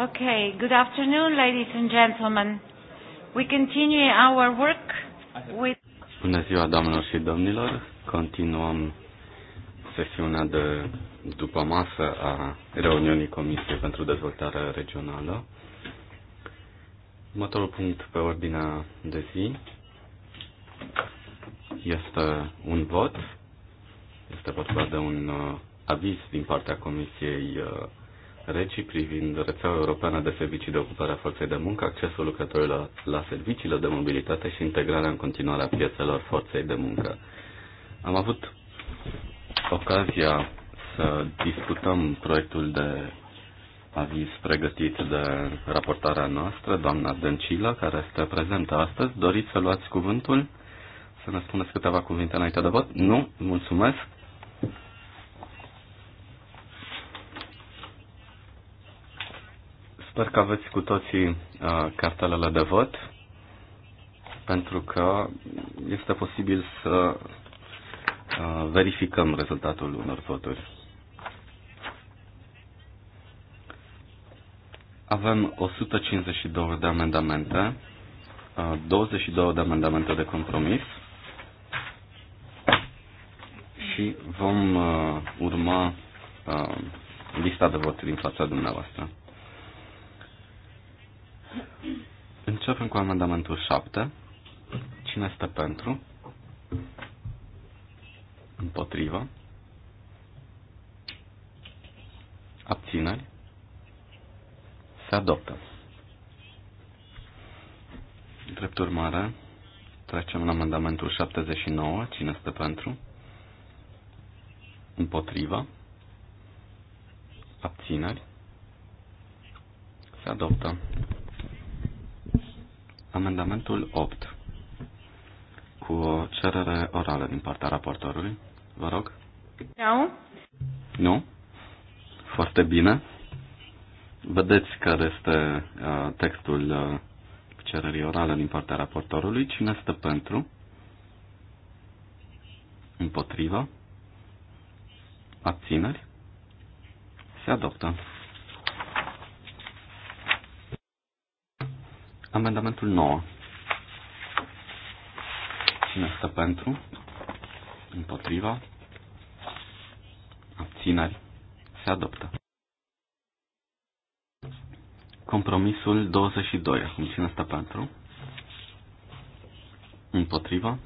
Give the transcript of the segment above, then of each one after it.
Okay, good afternoon, ladies and gentlemen. We continue our work with... Bună ziua, doamnelor și domnilor. Continuăm sesiunea de după masă a reuniunii Comisiei pentru Dezvoltare Regională. Următorul punct pe ordinea de zi este un vot. Este vorba de un uh, aviz din partea Comisiei uh, regii privind rețeaua europeană de servicii de ocupare a forței de muncă, accesul lucrătorilor la serviciile de mobilitate și integrarea în continuare a piețelor forței de muncă. Am avut ocazia să discutăm proiectul de aviz pregătit de raportarea noastră, doamna Dăncilă, care este prezentă astăzi. Doriți să luați cuvântul? Să ne spuneți câteva cuvinte înainte de vot? Nu? Mulțumesc! Sper că aveți cu toții uh, cartelele de vot, pentru că este posibil să uh, verificăm rezultatul unor voturi. Avem 152 de amendamente, uh, 22 de amendamente de compromis și vom uh, urma uh, lista de voturi din fața dumneavoastră. Începem cu amendamentul 7. Cine este pentru? Împotrivă. Abțineri. Se adoptă. Drept urmare, trecem la amendamentul 79. Cine este pentru? Împotrivă. Abțineri. Se adoptă. Amendamentul 8. Cu o cerere orală din partea raportorului. Vă rog. Nu. Nu? Foarte bine. Vedeți care este uh, textul uh, cererii orale din partea raportorului. Cine stă pentru? Împotriva? Abțineri? Se adoptă. Amendamentul 9. Cine stă pentru? Împotriva? Abțineri? Se adoptă. Compromisul 22. Acum cine stă pentru? Împotriva?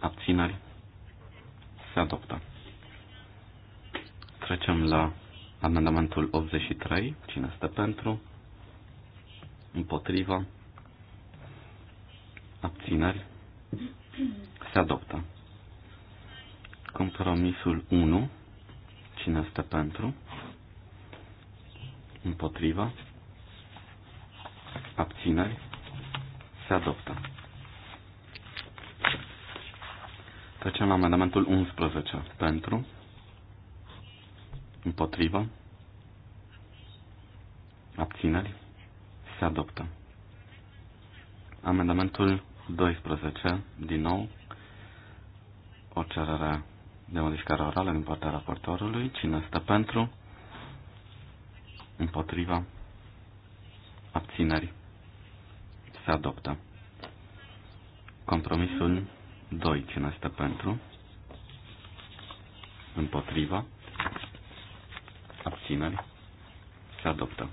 Abțineri? Se adoptă. Trecem la amendamentul 83. Cine stă pentru? împotriva, abțineri, se adoptă. Compromisul 1, cine este pentru, împotriva, abțineri, se adoptă. Trecem la amendamentul 11. Pentru, împotriva, abțineri, se adoptă. Amendamentul 12, din nou, o cerere de modificare orală din partea raportorului. Cine stă pentru? Împotriva? Abțineri? Se adoptă. Compromisul 2. Cine stă pentru? Împotriva? Abțineri? Se adoptă.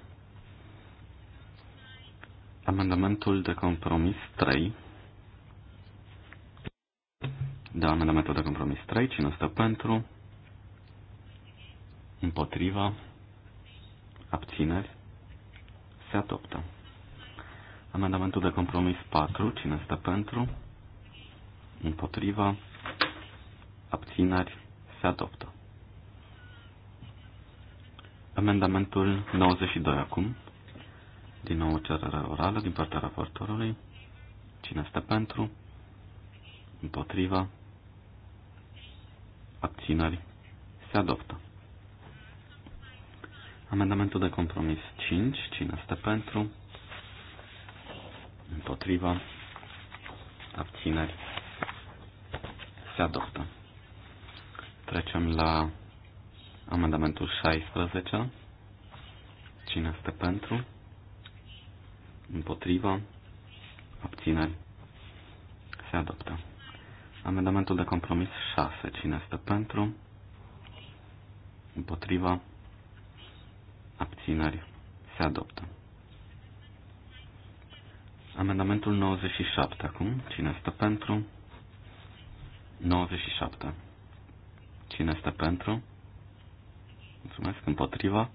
Amendamentul de compromis 3. Da, amendamentul de compromis 3. Cine stă pentru? Împotriva? Abțineri? Se adoptă. Amendamentul de compromis 4. Cine stă pentru? Împotriva? Abțineri? Se adoptă. Amendamentul 92 acum. Din nou cererea orală din partea raportorului. Cine este pentru? Împotriva? Abținări? Se adoptă. Amendamentul de compromis 5. Cine este pentru? Împotriva? Abținări? Se adoptă. Trecem la amendamentul 16. Cine este pentru? împotrivă, abțineri, se adoptă. Amendamentul de compromis 6. Cine este pentru? Împotriva? Abțineri. Se adoptă. Amendamentul 97. Acum, cine este pentru? 97. Cine este pentru? Mulțumesc. Împotriva?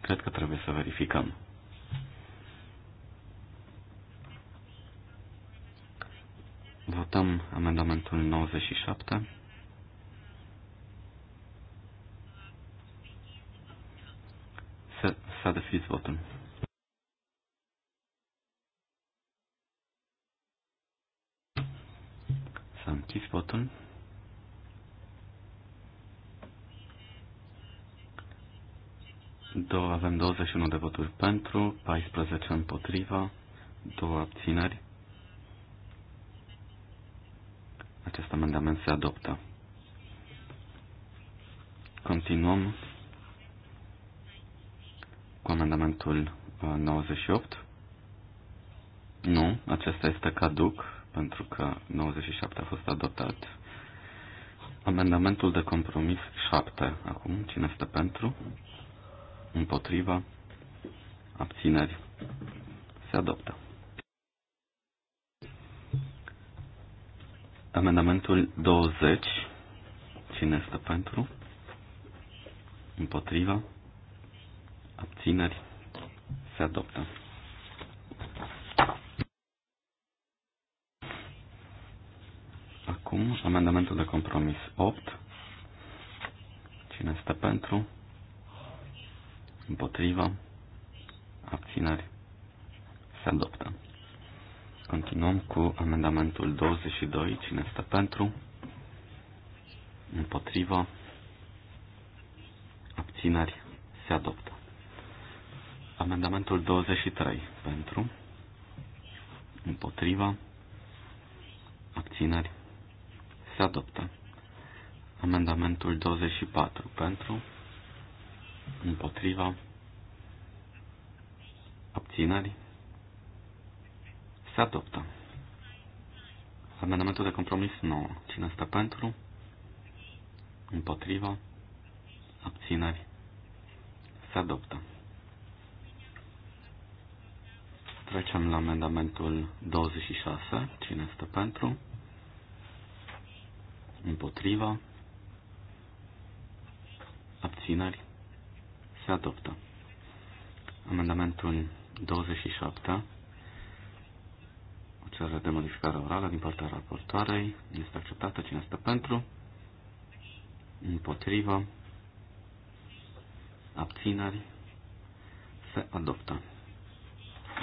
Cred că trebuie să verificăm. Votăm amendamentul 97. S-a deschis votul. S-a închis votul. Două, avem 21 de voturi pentru, 14 împotriva, două abțineri. Acest amendament se adoptă. Continuăm cu amendamentul 98. Uh, nu, acesta este caduc, pentru că 97 a fost adoptat. Amendamentul de compromis 7. Acum, cine este pentru? împotriva, abțineri, se adoptă. Amendamentul 20, cine este pentru, împotriva, abțineri, se adoptă. Acum, amendamentul de compromis 8. Cine este pentru? împotrivă, abțineri, se adoptă. Continuăm cu amendamentul 22. Cine este pentru? Împotrivă. Abțineri. Se adoptă. Amendamentul 23. Pentru. Împotrivă. Abțineri. Se adoptă. Amendamentul 24. Pentru împotriva, abținări, se adoptă. Amendamentul de compromis 9. Cine stă pentru? Împotriva? Abțineri? Se adoptă. Trecem la amendamentul 26. Cine stă pentru? Împotriva? abținării se adoptă. Amendamentul 27, o cerere de modificare orală din partea raportoarei, este acceptată. Cine este pentru? Împotrivă? Abțineri? Se adoptă.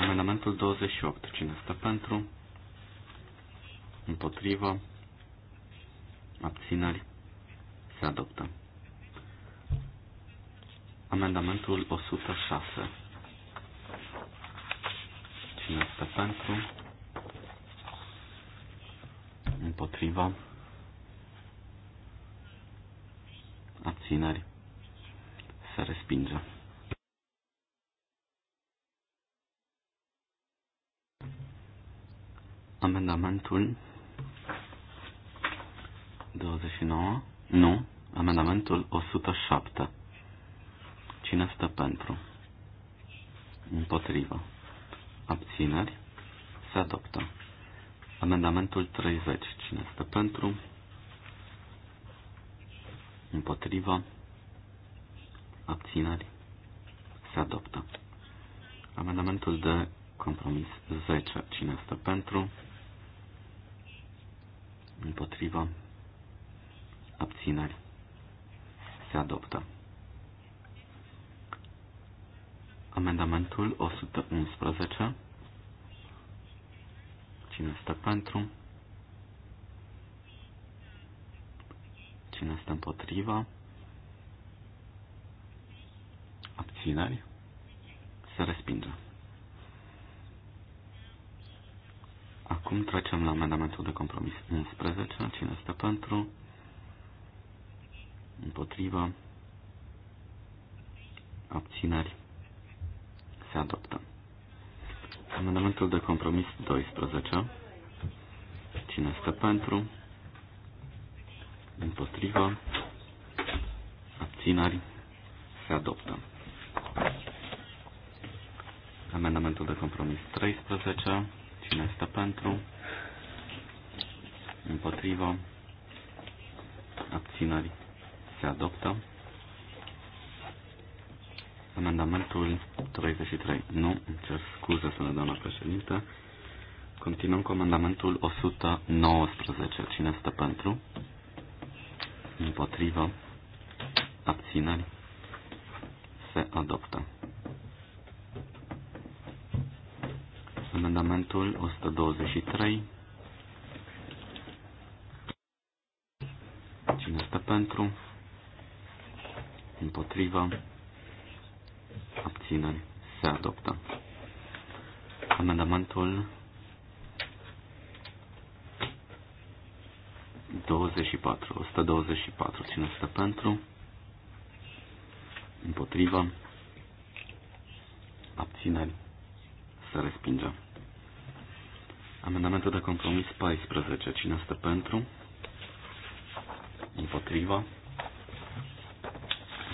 Amendamentul 28. Cine este pentru? Împotrivă? Abțineri? Se adoptă. Amendamentul 106. Cine este pentru? Împotriva? Abțineri? Se respinge. Amendamentul 29. Nu. Amendamentul 107. Cine stă pentru? Împotrivă. Abțineri. Se adoptă. Amendamentul 30. Cine stă pentru? Împotrivă. Abțineri. Se adoptă. Amendamentul de compromis 10. Cine stă pentru? Împotrivă. Abțineri. Se adoptă. Amendamentul 111. Cine stă pentru? Cine stă împotriva? Abțineri? Se respinge. Acum trecem la amendamentul de compromis 11. Cine stă pentru? Împotriva? Abțineri? Se adoptă. Amendamentul de compromis 12. Cine este pentru? Împotriva? Abținari? Se adoptă. Amendamentul de compromis 13. Cine este pentru? Împotriva? Abținari? Se adoptă. Amendamentul 33. Nu, îmi cer scuze, dăm la președinte. Continuăm cu amendamentul 119. Cine este pentru? Împotrivă? Abțineri? Se adoptă. Amendamentul 123. Cine este pentru? Împotrivă? tineri se adoptă. Amendamentul 24, 124, cine stă pentru, împotriva, abțineri, se respinge. Amendamentul de compromis 14, cine stă pentru, împotriva,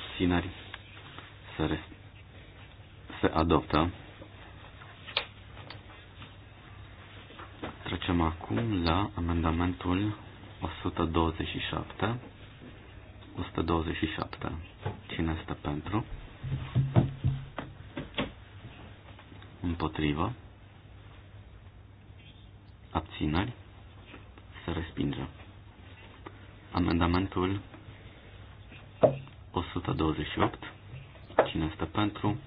abțineri, se respinge se adoptă. Trecem acum la amendamentul 127. 127. Cine este pentru? Împotrivă. Abțineri. Se respinge. Amendamentul 128. Cine este pentru?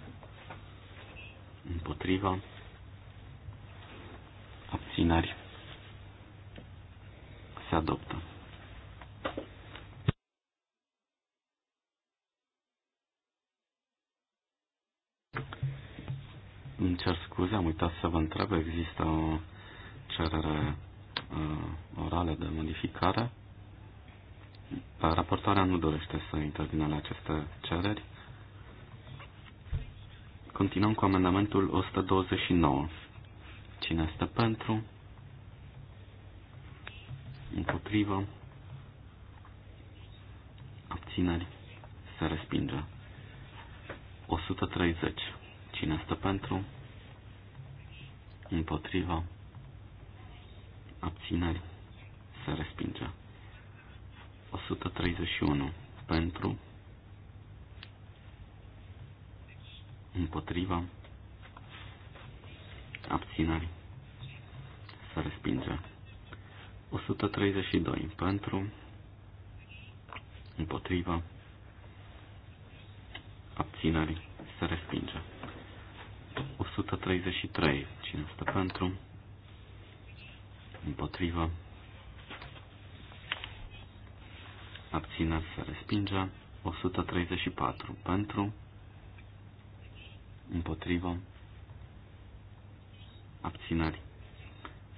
împotriva, abținari, se adoptă. Îmi cer scuze, am uitat să vă întreb, există o cerere uh, orală de modificare? Raportarea nu dorește să intervină la aceste cereri. Continuăm cu amendamentul 129. Cine este pentru? Împotrivă? Abțineri? Se respinge. 130. Cine este pentru? Împotrivă? Abțineri? Se respinge. 131. Pentru? împotriva, abținerii să respinge. 132 pentru, împotriva, abținerii să respinge. 133, cine stă pentru, împotriva, abținerii să respinge. 134 pentru, împotrivă, abținări,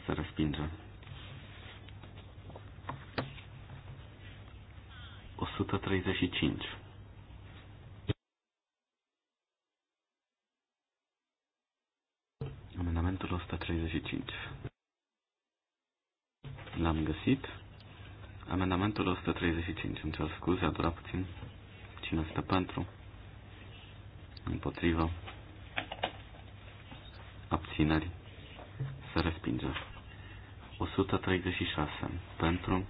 Să respinge. 135. Amendamentul 135. L-am găsit. Amendamentul 135. Îmi cer scuze, a durat puțin. Cine stă pentru? Împotrivă tineri se respinge. 136 pentru,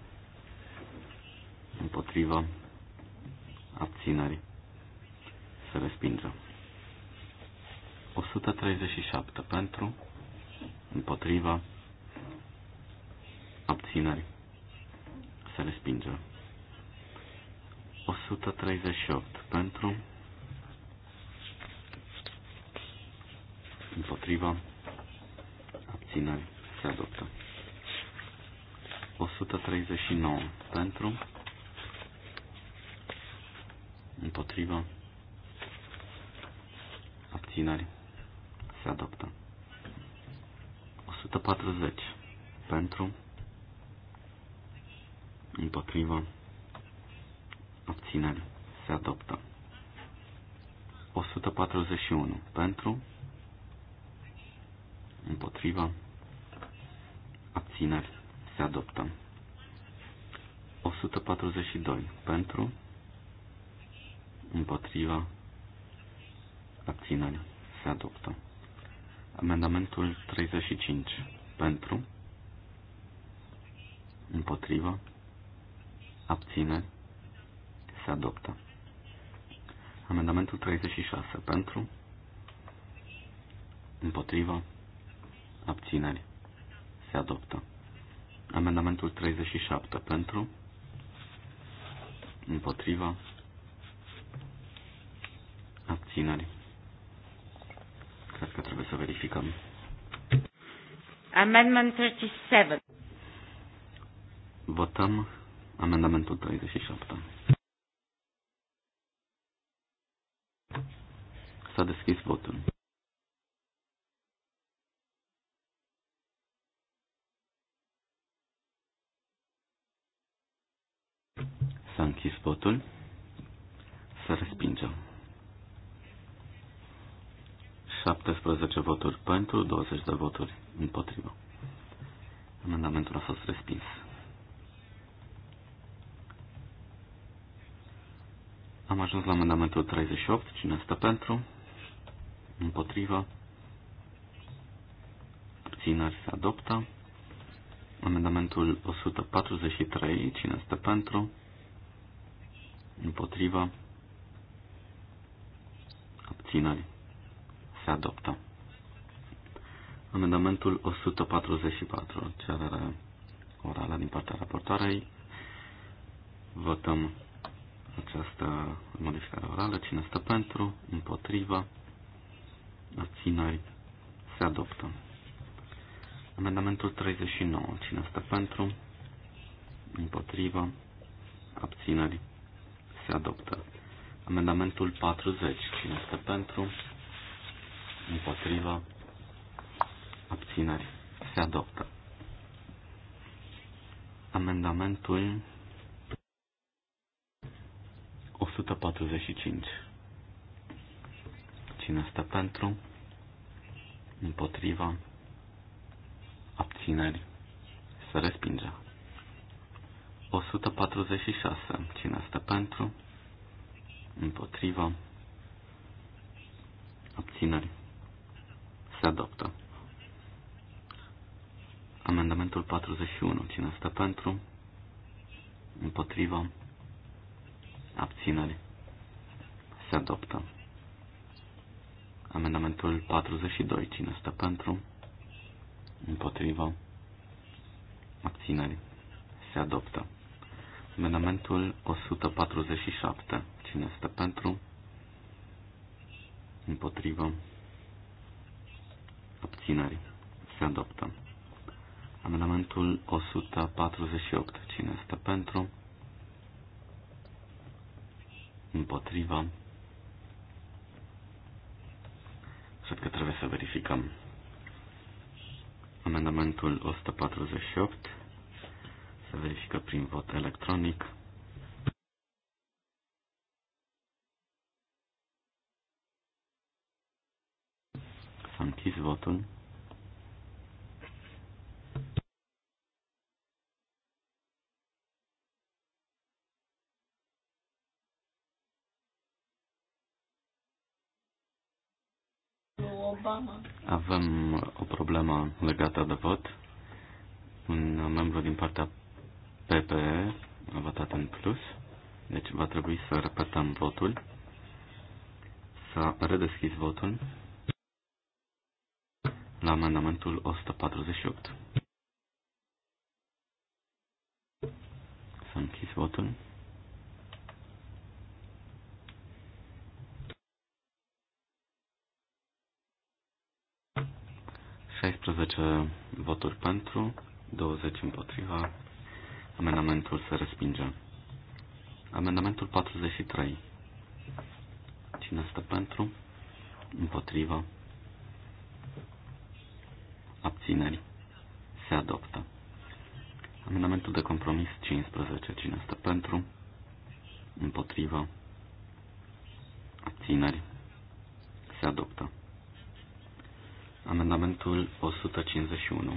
împotriva, abținerii se respinge. 137 pentru, împotriva, abținerii se respinge. 138 pentru, împotriva, abțineri se adoptă. 139 pentru, împotriva, abțineri se adoptă. 140 pentru, împotriva, abțineri se adoptă. 141 pentru, împotriva, tineri se adoptă. 142. Pentru, împotriva, abțineri, se adoptă. Amendamentul 35. Pentru, împotriva, abțineri, se adoptă. Amendamentul 36. Pentru, împotriva, abțineri, se adoptă. Amendamentul 37 pentru, împotriva, abțineri. Cred că trebuie să verificăm. Amendment 37. Votăm amendamentul 37. S-a deschis votul. închis votul. Să respingem. 17 voturi pentru, 20 de voturi împotrivă. Amendamentul a fost respins. Am ajuns la amendamentul 38. Cine stă pentru? Împotrivă? Abținări se adoptă. Amendamentul 143. Cine stă pentru? împotriva, abținări se adoptă. Amendamentul 144, cerere orală din partea raportoarei. Votăm această modificare orală. Cine stă pentru, împotriva, abținări se adoptă. Amendamentul 39. Cine stă pentru, împotriva, abțineri, se adoptă. Amendamentul 40. Cine este pentru? Împotriva? Abțineri? Se adoptă. Amendamentul 145. Cine este pentru? Împotriva? Abțineri? Se respinge. 146. Cine este pentru? Împotriva. Abțineri. Se adoptă. Amendamentul 41. Cine este pentru? Împotriva. Abțineri. Se adoptă. Amendamentul 42. Cine este pentru? Împotriva. abținerii Se adoptă. Amendamentul 147. Cine este pentru? Împotrivă. Abțineri. Se adoptă. Amendamentul 148. Cine este pentru? Împotrivă. Cred că trebuie să verificăm. Amendamentul 148. Se verifică prin vot electronic. S-a închis votul. Obama. Avem o problemă legată de vot. Un membru din partea PPE a votat în plus, deci va trebui să repetăm votul. S-a redeschis votul la amendamentul 148. S-a închis votul. voturi pentru, 20 împotriva, Amendamentul se respinge. Amendamentul 43. Cine stă pentru? Împotrivă. Abțineri. Se adoptă. Amendamentul de compromis 15. Cine stă pentru? Împotrivă. Abțineri. Se adoptă. Amendamentul 151.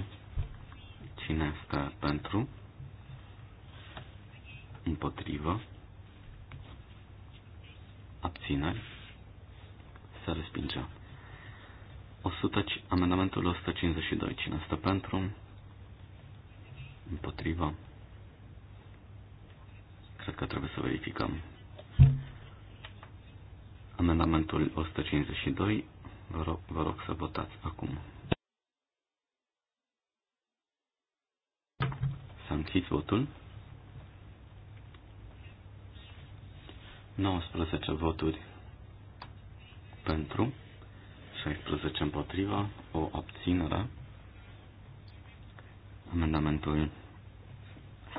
Cine stă pentru? împotrivă, abțineri, se respinge. 100, amendamentul 152. Cine stă pentru? Împotriva? Cred că trebuie să verificăm. Amendamentul 152. Vă rog, vă rog să votați acum. S-a votul. 19 voturi pentru, 16 împotriva, o abținere. Amendamentul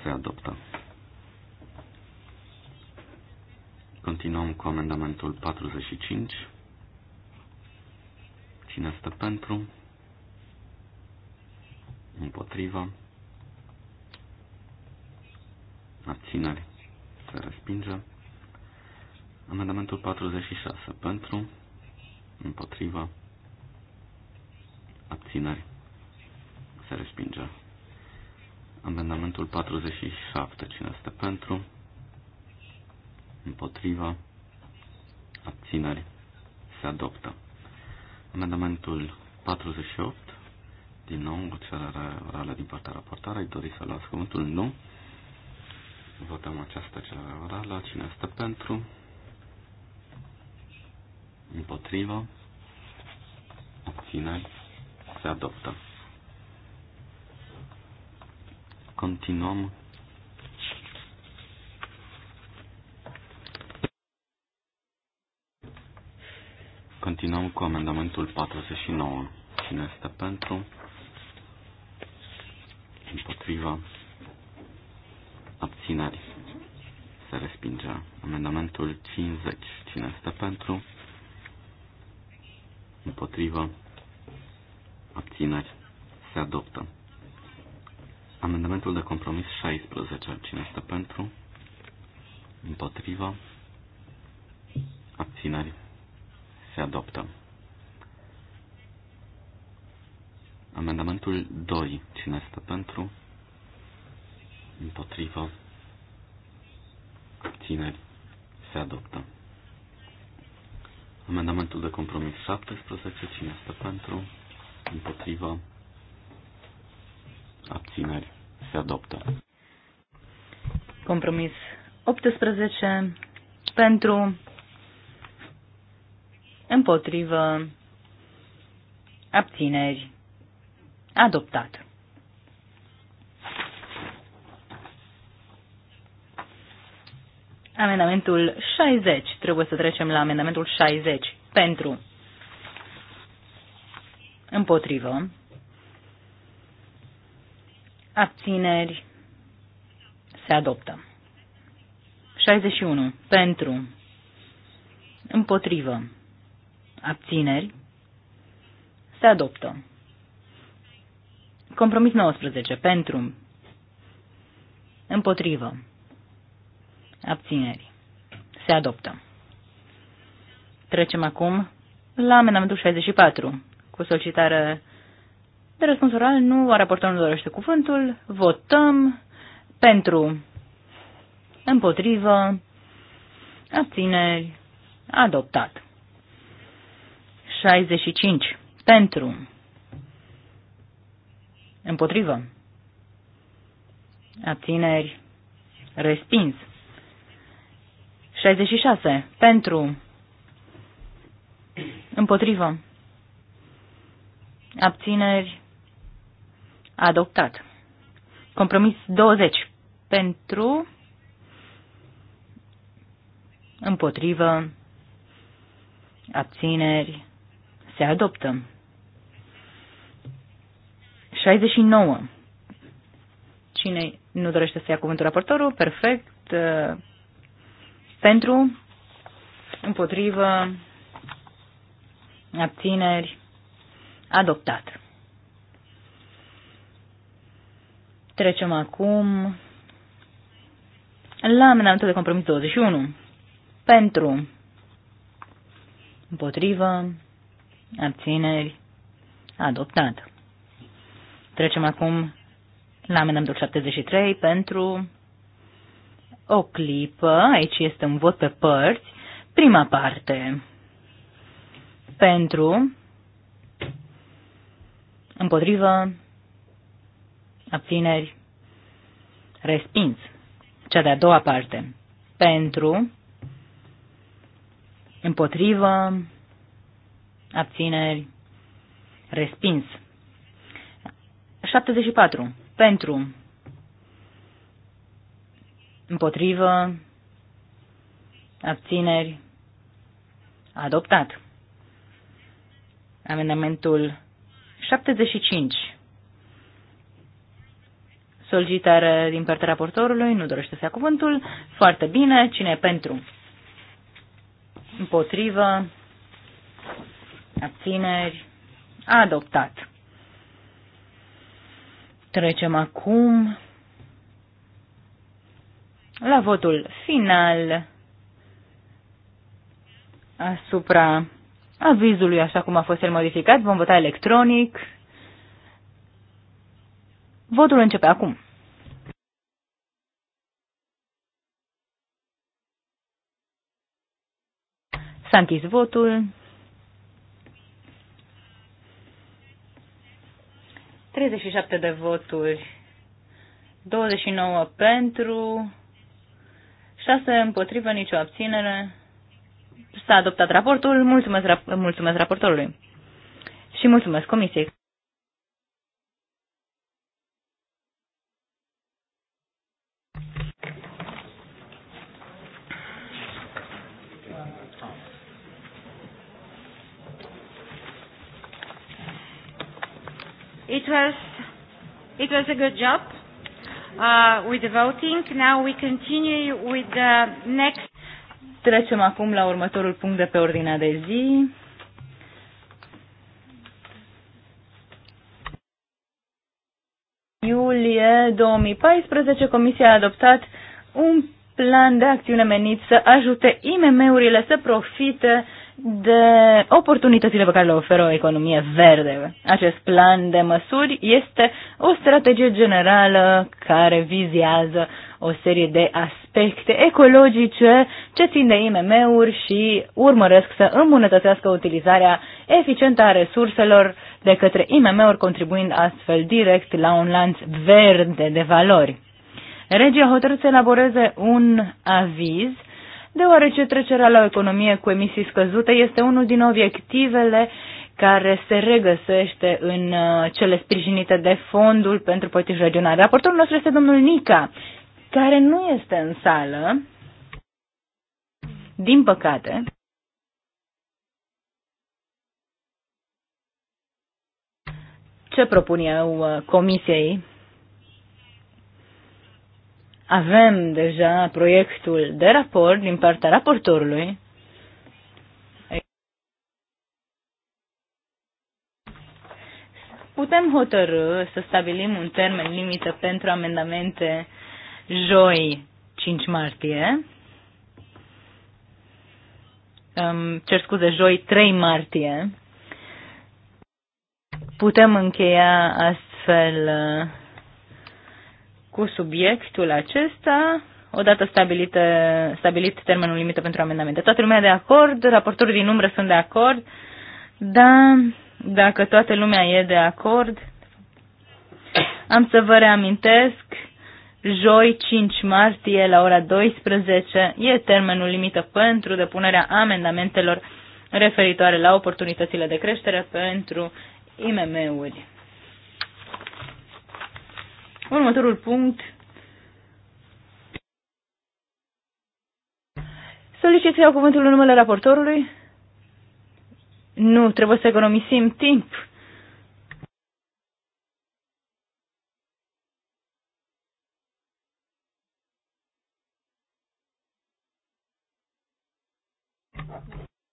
se adoptă. Continuăm cu amendamentul 45. Cine stă pentru? Împotriva? Abțineri? Se respinge. Amendamentul 46 pentru, împotriva, abțineri, se respinge. Amendamentul 47, cine este pentru, împotriva, abțineri, se adoptă. Amendamentul 48, din nou o cerere orală din partea raportarei, Dori să luați cuvântul? Nu. Votăm această cerere orală, cine este pentru, împotrivă, obține, se adoptă. Continuăm Continuăm cu amendamentul 49. Cine este pentru? Împotriva? Abțineri? Se respinge. Amendamentul 50. Cine este pentru? împotrivă, abțineri, se adoptă. Amendamentul de compromis 16. Cine este pentru? Împotrivă, abțineri, se adoptă. Amendamentul 2. Cine este pentru? Împotrivă, abțineri, se adoptă. Amendamentul de compromis 17. Cine este pentru? Împotriva? Abțineri. Se adoptă. Compromis 18. Pentru? Împotrivă? Abțineri. Adoptat. Amendamentul 60. Trebuie să trecem la amendamentul 60. Pentru. Împotrivă. Abțineri. Se adoptă. 61. Pentru. Împotrivă. Abțineri. Se adoptă. Compromis 19. Pentru. Împotrivă abținerii. Se adoptă. Trecem acum la amendamentul 64, cu solicitare de răspuns oral, nu, raportorul nu dorește cuvântul, votăm pentru, împotrivă, abțineri, adoptat. 65. Pentru. Împotrivă. Abțineri. Respins. 66. Pentru. Împotrivă. Abțineri. Adoptat. Compromis 20. Pentru. Împotrivă. Abțineri. Se adoptă. 69. Cine nu dorește să ia cuvântul raportorul? Perfect. Pentru, împotrivă, abțineri, adoptat. Trecem acum la amenantul de compromis 21. Pentru, împotrivă, abțineri, adoptat. Trecem acum la amenantul 73 pentru, o clipă, aici este un vot pe părți, prima parte pentru, împotrivă, abțineri, respins. Cea de-a doua parte, pentru, împotrivă, abțineri, respins. 74. Pentru, împotrivă, abțineri, adoptat. Amendamentul 75. Solicitare din partea raportorului, nu dorește să ia cuvântul. Foarte bine, cine e pentru? Împotrivă, abțineri, adoptat. Trecem acum la votul final asupra avizului așa cum a fost el modificat. Vom vota electronic. Votul începe acum. S-a închis votul. 37 de voturi, nouă pentru, 6 împotrivă, nicio abținere. S-a adoptat raportul. Mulțumesc, rap mulțumesc raportorului. Și mulțumesc comisiei. It was, it was a good job. Uh, with the voting. Now we continue with the next. Trecem acum la următorul punct de pe ordinea de zi. Iulie 2014, Comisia a adoptat un plan de acțiune menit să ajute IMM-urile să profite de oportunitățile pe care le oferă o economie verde. Acest plan de măsuri este o strategie generală care vizează o serie de aspecte ecologice ce țin de IMM-uri și urmăresc să îmbunătățească utilizarea eficientă a resurselor de către IMM-uri, contribuind astfel direct la un lanț verde de valori. Regia hotărât să elaboreze un aviz uh, deoarece trecerea la o economie cu emisii scăzute este unul din obiectivele care se regăsește în uh, cele sprijinite de fondul pentru politici regionale. Raportorul nostru este domnul Nica, care nu este în sală, din păcate. Ce propun eu uh, comisiei avem deja proiectul de raport din partea raportorului. Putem hotărâ să stabilim un termen limită pentru amendamente joi 5 martie. Um, cer scuze, joi 3 martie. Putem încheia astfel uh, cu subiectul acesta, odată stabilită, stabilit termenul limită pentru amendamente. Toată lumea de acord, raportorii din umbră sunt de acord, dar dacă toată lumea e de acord, am să vă reamintesc, joi 5 martie la ora 12 e termenul limită pentru depunerea amendamentelor referitoare la oportunitățile de creștere pentru IMM-uri. Următorul punct. Solicit să iau cuvântul în numele raportorului? Nu, trebuie să economisim timp.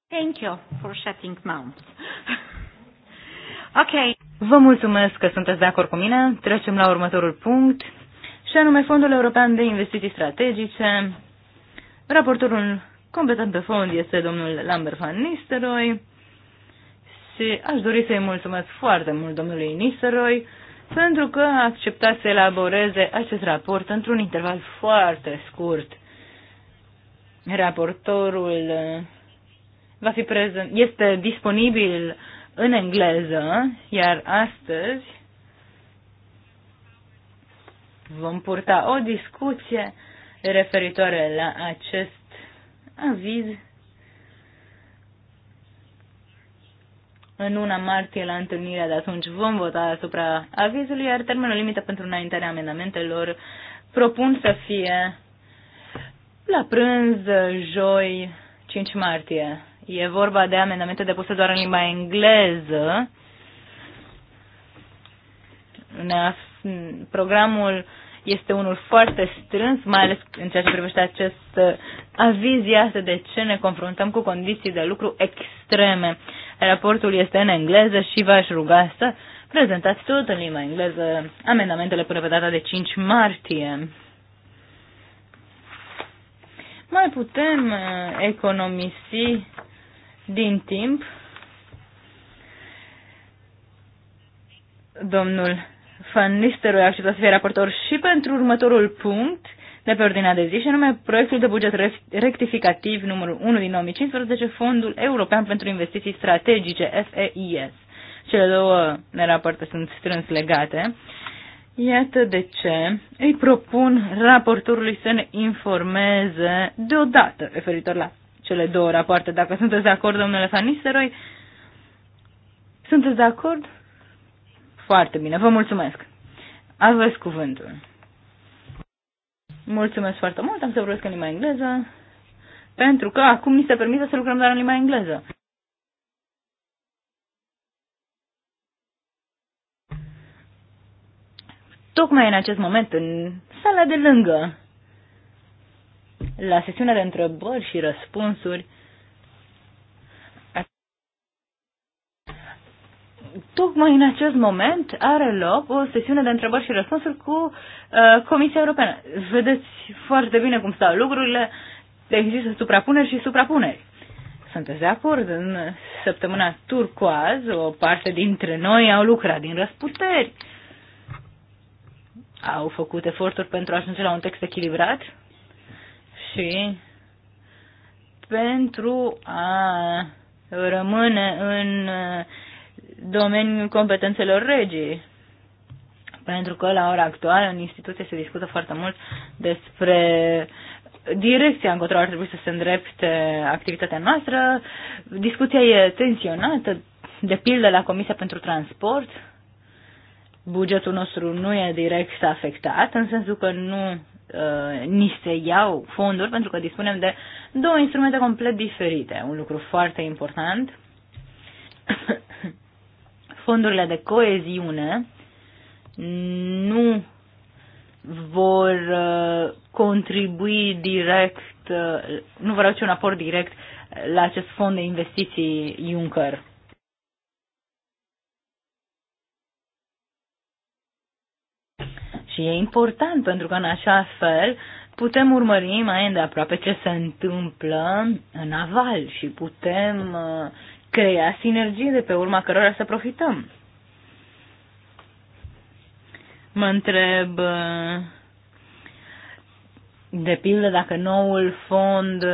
Thank you for shutting mouth. okay. Vă mulțumesc că sunteți de acord cu mine. Trecem la următorul punct, și anume Fondul European de Investiții Strategice. Raportorul competent pe fond este domnul Lambert van Nistelrooy și aș dori să-i mulțumesc foarte mult domnului Nistelrooy pentru că a acceptat să elaboreze acest raport într-un interval foarte scurt. Raportorul va fi prezent, este disponibil în engleză, iar astăzi vom purta o discuție referitoare la acest aviz în luna martie la întâlnirea de atunci vom vota asupra avizului, iar termenul limită pentru înaintarea amendamentelor propun să fie la prânz, joi, 5 martie. E vorba de amendamente depuse doar în limba engleză. Programul este unul foarte strâns, mai ales în ceea ce privește acest uh, aviz. Iată de ce ne confruntăm cu condiții de lucru extreme. Raportul este în engleză și v-aș ruga să prezentați tot în limba engleză amendamentele până pe data de 5 martie. Mai putem uh, economisi din timp. Domnul Van Nistelrooy a acceptat să fie raportor și pentru următorul punct de pe ordinea de zi, și anume proiectul de buget rectificativ numărul 1 din 2015, Fondul European pentru Investiții Strategice, FEIS. Cele două rapoarte sunt strâns legate. Iată de ce îi propun raportorului să ne informeze deodată referitor la cele două rapoarte. Dacă sunteți de acord, domnule Fanisteroi, sunteți de acord? Foarte bine, vă mulțumesc. Aveți cuvântul. Mulțumesc foarte mult, am să vorbesc în limba engleză, pentru că acum mi se permite să lucrăm doar în limba engleză. Tocmai în acest moment, în sala de lângă, la sesiunea de întrebări și răspunsuri, tocmai în acest moment are loc o sesiune de întrebări și răspunsuri cu uh, Comisia Europeană. Vedeți foarte bine cum stau lucrurile, există suprapuneri și suprapuneri. Sunteți de acord? În săptămâna turcoaz, o parte dintre noi au lucrat din răsputeri. Au făcut eforturi pentru a ajunge la un text echilibrat? și pentru a rămâne în domeniul competențelor regii. Pentru că la ora actuală în instituție se discută foarte mult despre direcția încotro ar trebui să se îndrepte activitatea noastră. Discuția e tensionată, de pildă la Comisia pentru Transport. Bugetul nostru nu e direct afectat, în sensul că nu Uh, ni se iau fonduri pentru că dispunem de două instrumente complet diferite. Un lucru foarte important, fondurile de coeziune nu vor uh, contribui direct, uh, nu vor aduce un aport direct la acest fond de investiții Juncker. și e important pentru că în așa fel putem urmări mai îndeaproape ce se întâmplă în aval și putem uh, crea sinergii de pe urma cărora să profităm. Mă întreb uh, de pildă dacă noul fond uh,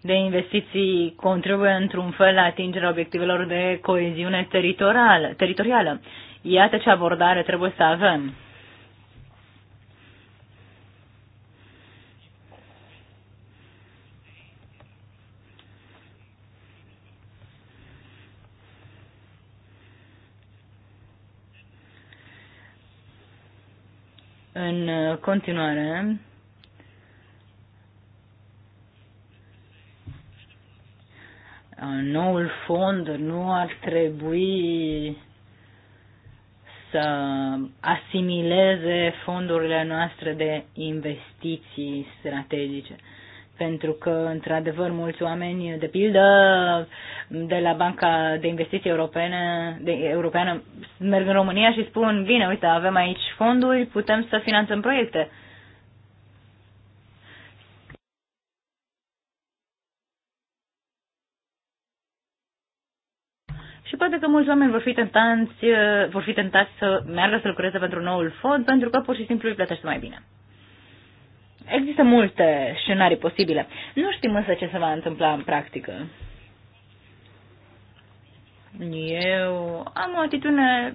de investiții contribuie într-un fel la atingerea obiectivelor de coeziune teritorială. Iată ce abordare trebuie să avem. În continuare, noul fond nu ar trebui să asimileze fondurile noastre de investiții strategice pentru că, într-adevăr, mulți oameni, de pildă, de la Banca de Investiții Europene, de, Europeană, merg în România și spun, bine, uite, avem aici fonduri, putem să finanțăm proiecte. Și poate că mulți oameni vor fi tentați, vor fi tentați să meargă să lucreze pentru noul fond, pentru că pur și simplu îi plătește mai bine. Există multe scenarii posibile. Nu știm însă ce se va întâmpla în practică. Eu am o atitudine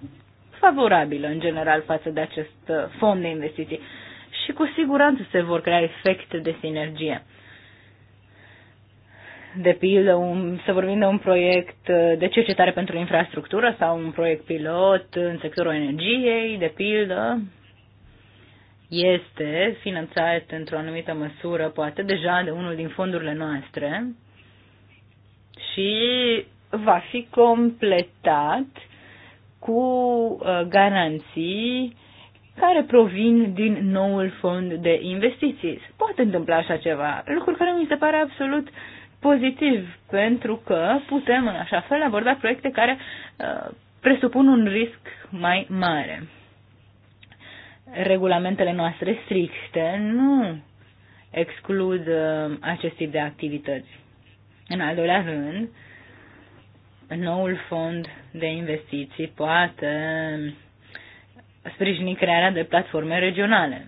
favorabilă în general față de acest uh, fond de investiții și cu siguranță se vor crea efecte de sinergie. De pildă, un, să vorbim de un proiect uh, de cercetare pentru infrastructură sau un proiect pilot în sectorul energiei, de pildă, este finanțat într-o anumită măsură, poate deja de unul din fondurile noastre și va fi completat cu uh, garanții care provin din noul fond de investiții. Se poate întâmpla așa ceva, Lucruri care mi se pare absolut pozitiv, pentru că putem în așa fel aborda proiecte care uh, presupun un risc mai mare regulamentele noastre stricte nu exclud uh, acest tip de activități. În al doilea rând, noul fond de investiții poate sprijini crearea de platforme regionale.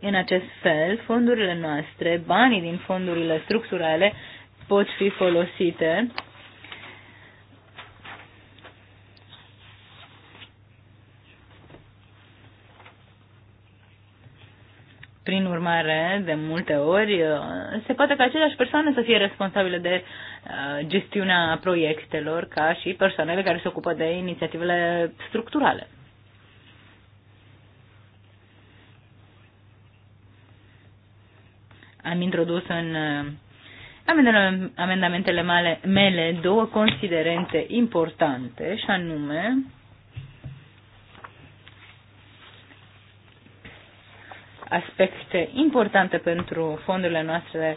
În acest fel, fondurile noastre, banii din fondurile structurale pot fi folosite Prin urmare, de multe ori, uh, se poate ca aceleași persoane să fie responsabile de uh, gestiunea proiectelor ca și persoanele care se ocupă de inițiativele structurale. Am introdus în uh, amendamentele mele două considerente importante și anume aspecte importante pentru fondurile noastre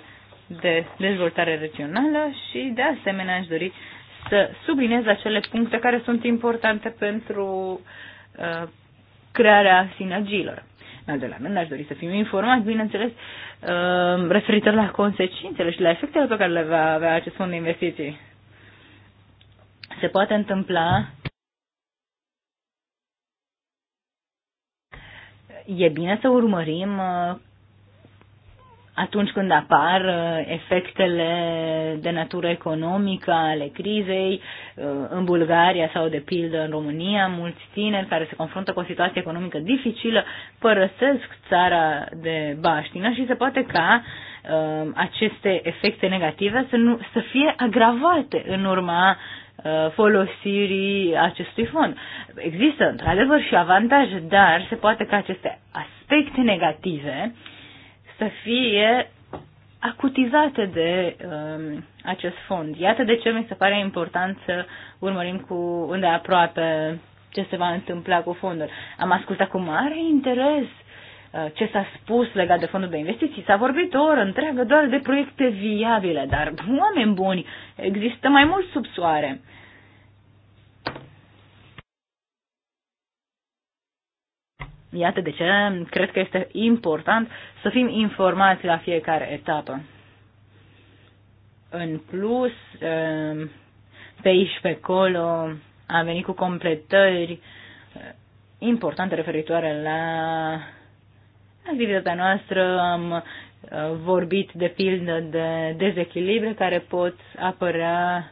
de dezvoltare regională și, de asemenea, aș dori să subliniez acele puncte care sunt importante pentru uh, crearea sinergiilor. În al doilea rând, aș dori să fim informați, bineînțeles, uh, referitor la consecințele și la efectele pe care le va avea acest fond de investiții. Se poate întâmpla e bine să urmărim uh, atunci când apar uh, efectele de natură economică ale crizei uh, în Bulgaria sau de pildă în România, mulți tineri care se confruntă cu o situație economică dificilă părăsesc țara de baștină și se poate ca aceste efecte negative să, nu, să fie agravate în urma Uh, folosirii acestui fond. Există într-adevăr și avantaje, dar se poate ca aceste aspecte negative să fie acutizate de um, acest fond. Iată de ce mi se pare important să urmărim cu aproape ce se va întâmpla cu fondul. Am ascultat cu mare interes Uh, ce s-a spus legat de fondul de investiții. S-a vorbit o oră întreagă doar de proiecte viabile, dar oameni buni, există mai mult sub soare. Iată de ce cred că este important să fim informați la fiecare etapă. În plus, uh, pe aici pe acolo am venit cu completări uh, importante referitoare la activitatea noastră am uh, vorbit de pildă de dezechilibre care pot apărea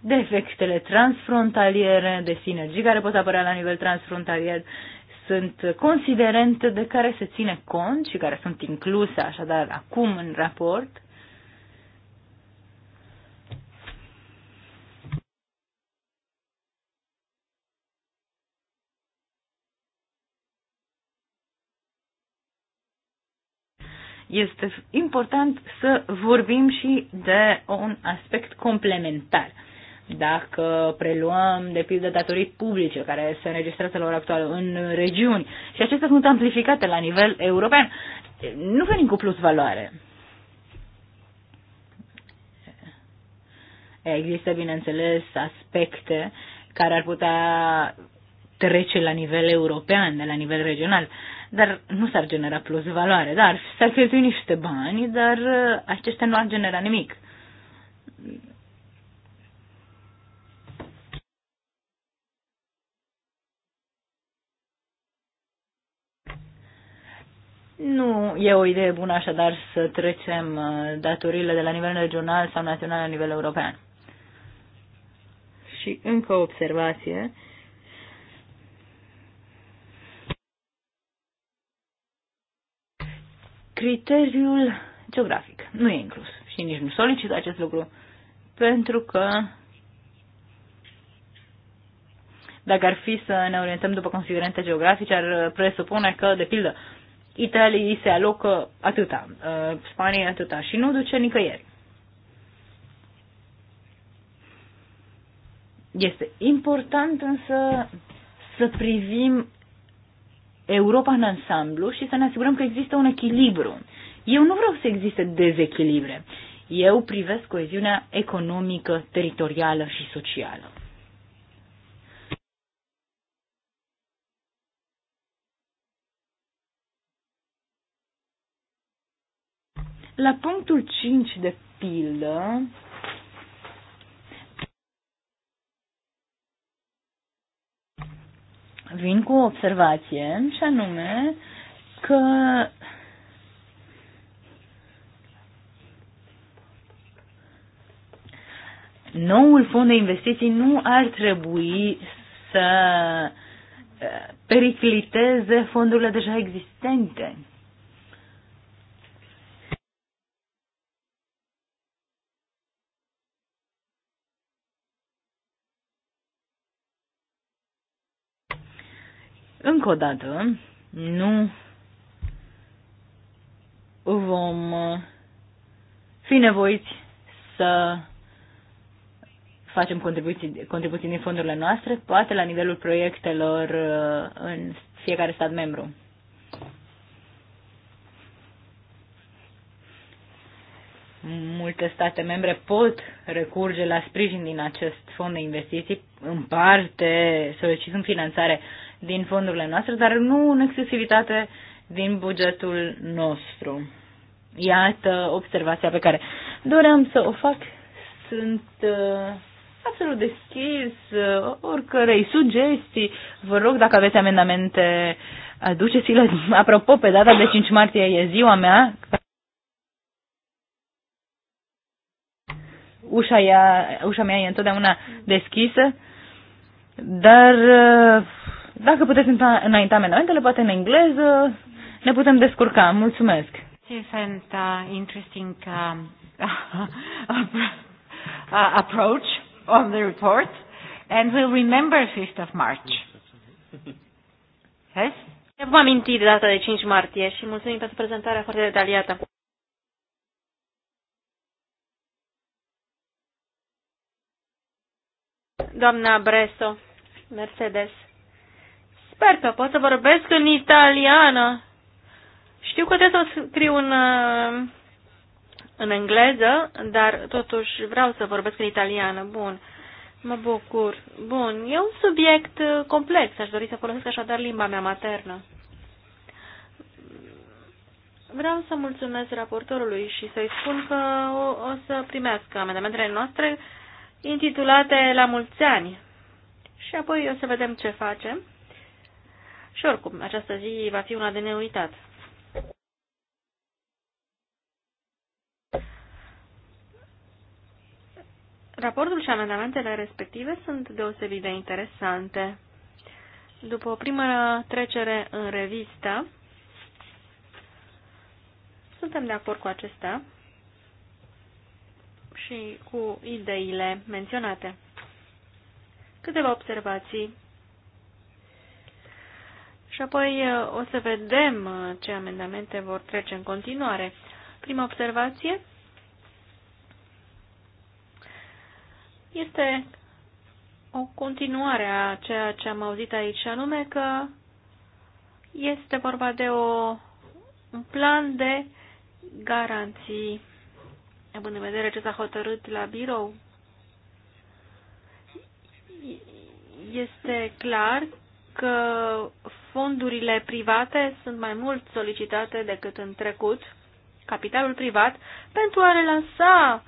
de efectele transfrontaliere, de sinergii care pot apărea la nivel transfrontalier, sunt considerente de care se ține cont și care sunt incluse așadar acum în raport. este important să vorbim și de un aspect complementar. Dacă preluăm, de pildă, datorii publice care se înregistrează la ora actuală în regiuni și acestea sunt amplificate la nivel european, nu venim cu plus valoare. Există, bineînțeles, aspecte care ar putea trece la nivel european, de la nivel regional. Uh, dar nu s-ar genera plus valoare, dar s-ar cheltui niște bani, dar uh, aceștia nu ar genera nimic. Nu e o idee bună așadar să trecem uh, datorile de la nivel regional sau național la nivel european. Și încă o observație, Criteriul geografic nu e inclus și nici nu solicit acest lucru pentru că dacă ar fi să ne orientăm după considerente geografice, ar uh, presupune că, de pildă, Italiei se alocă atâta, uh, Spania atâta și nu duce nicăieri. Este important însă să privim Europa în ansamblu și să ne asigurăm că există un echilibru. Eu nu vreau să existe dezechilibre. Eu privesc coeziunea economică, teritorială și socială. La punctul 5 de pildă, vin cu o observație și anume că noul fond de investiții nu ar trebui să eh, pericliteze fondurile deja existente. Încă o dată, nu vom uh, fi nevoiți să facem contribuții, contribuții din fondurile noastre, poate la nivelul proiectelor uh, în fiecare stat membru. Multe state membre pot recurge la sprijin din acest fond de investiții, în parte solicitând finanțare uh, din fondurile noastre, dar nu în exclusivitate din bugetul nostru. Iată observația pe care doream să o fac. Sunt uh, absolut deschis uh, oricărei sugestii. Vă rog, dacă aveți amendamente, aduceți-le. Apropo, pe data de 5 martie e ziua mea. Ușa, ea, ușa mea e întotdeauna deschisă, dar uh, dacă puteți înainta amendamentele, poate în engleză, ne putem descurca. Mulțumesc! And, uh, interesting um, approach on the report and we'll remember 5th of March. Yes? Ne vom aminti de data de 5 martie și mulțumim pentru prezentarea foarte detaliată. Doamna Bresso, Mercedes. Sper că pot să vorbesc în italiană. Știu că trebuie să scriu în, uh, în engleză, dar totuși vreau să vorbesc în italiană. Bun, mă bucur. Bun, e un subiect uh, complex, aș dori să folosesc așadar limba mea maternă. Vreau să mulțumesc raportorului și să-i spun că o, o să primească amendamentele noastre intitulate La mulți ani. Și apoi o să vedem ce facem. Și oricum, această zi va fi una de neuitat. Raportul și amendamentele respective sunt deosebit de interesante. După o primă trecere în revistă, suntem de acord cu acestea și cu ideile menționate. Câteva observații și apoi uh, o să vedem uh, ce amendamente vor trece în continuare. Prima observație este o continuare a ceea ce am auzit aici, anume că este vorba de o, un plan de garanții, având în vedere ce s-a hotărât la birou. Este clar că fondurile private sunt mai mult solicitate decât în trecut, capitalul privat, pentru a relansa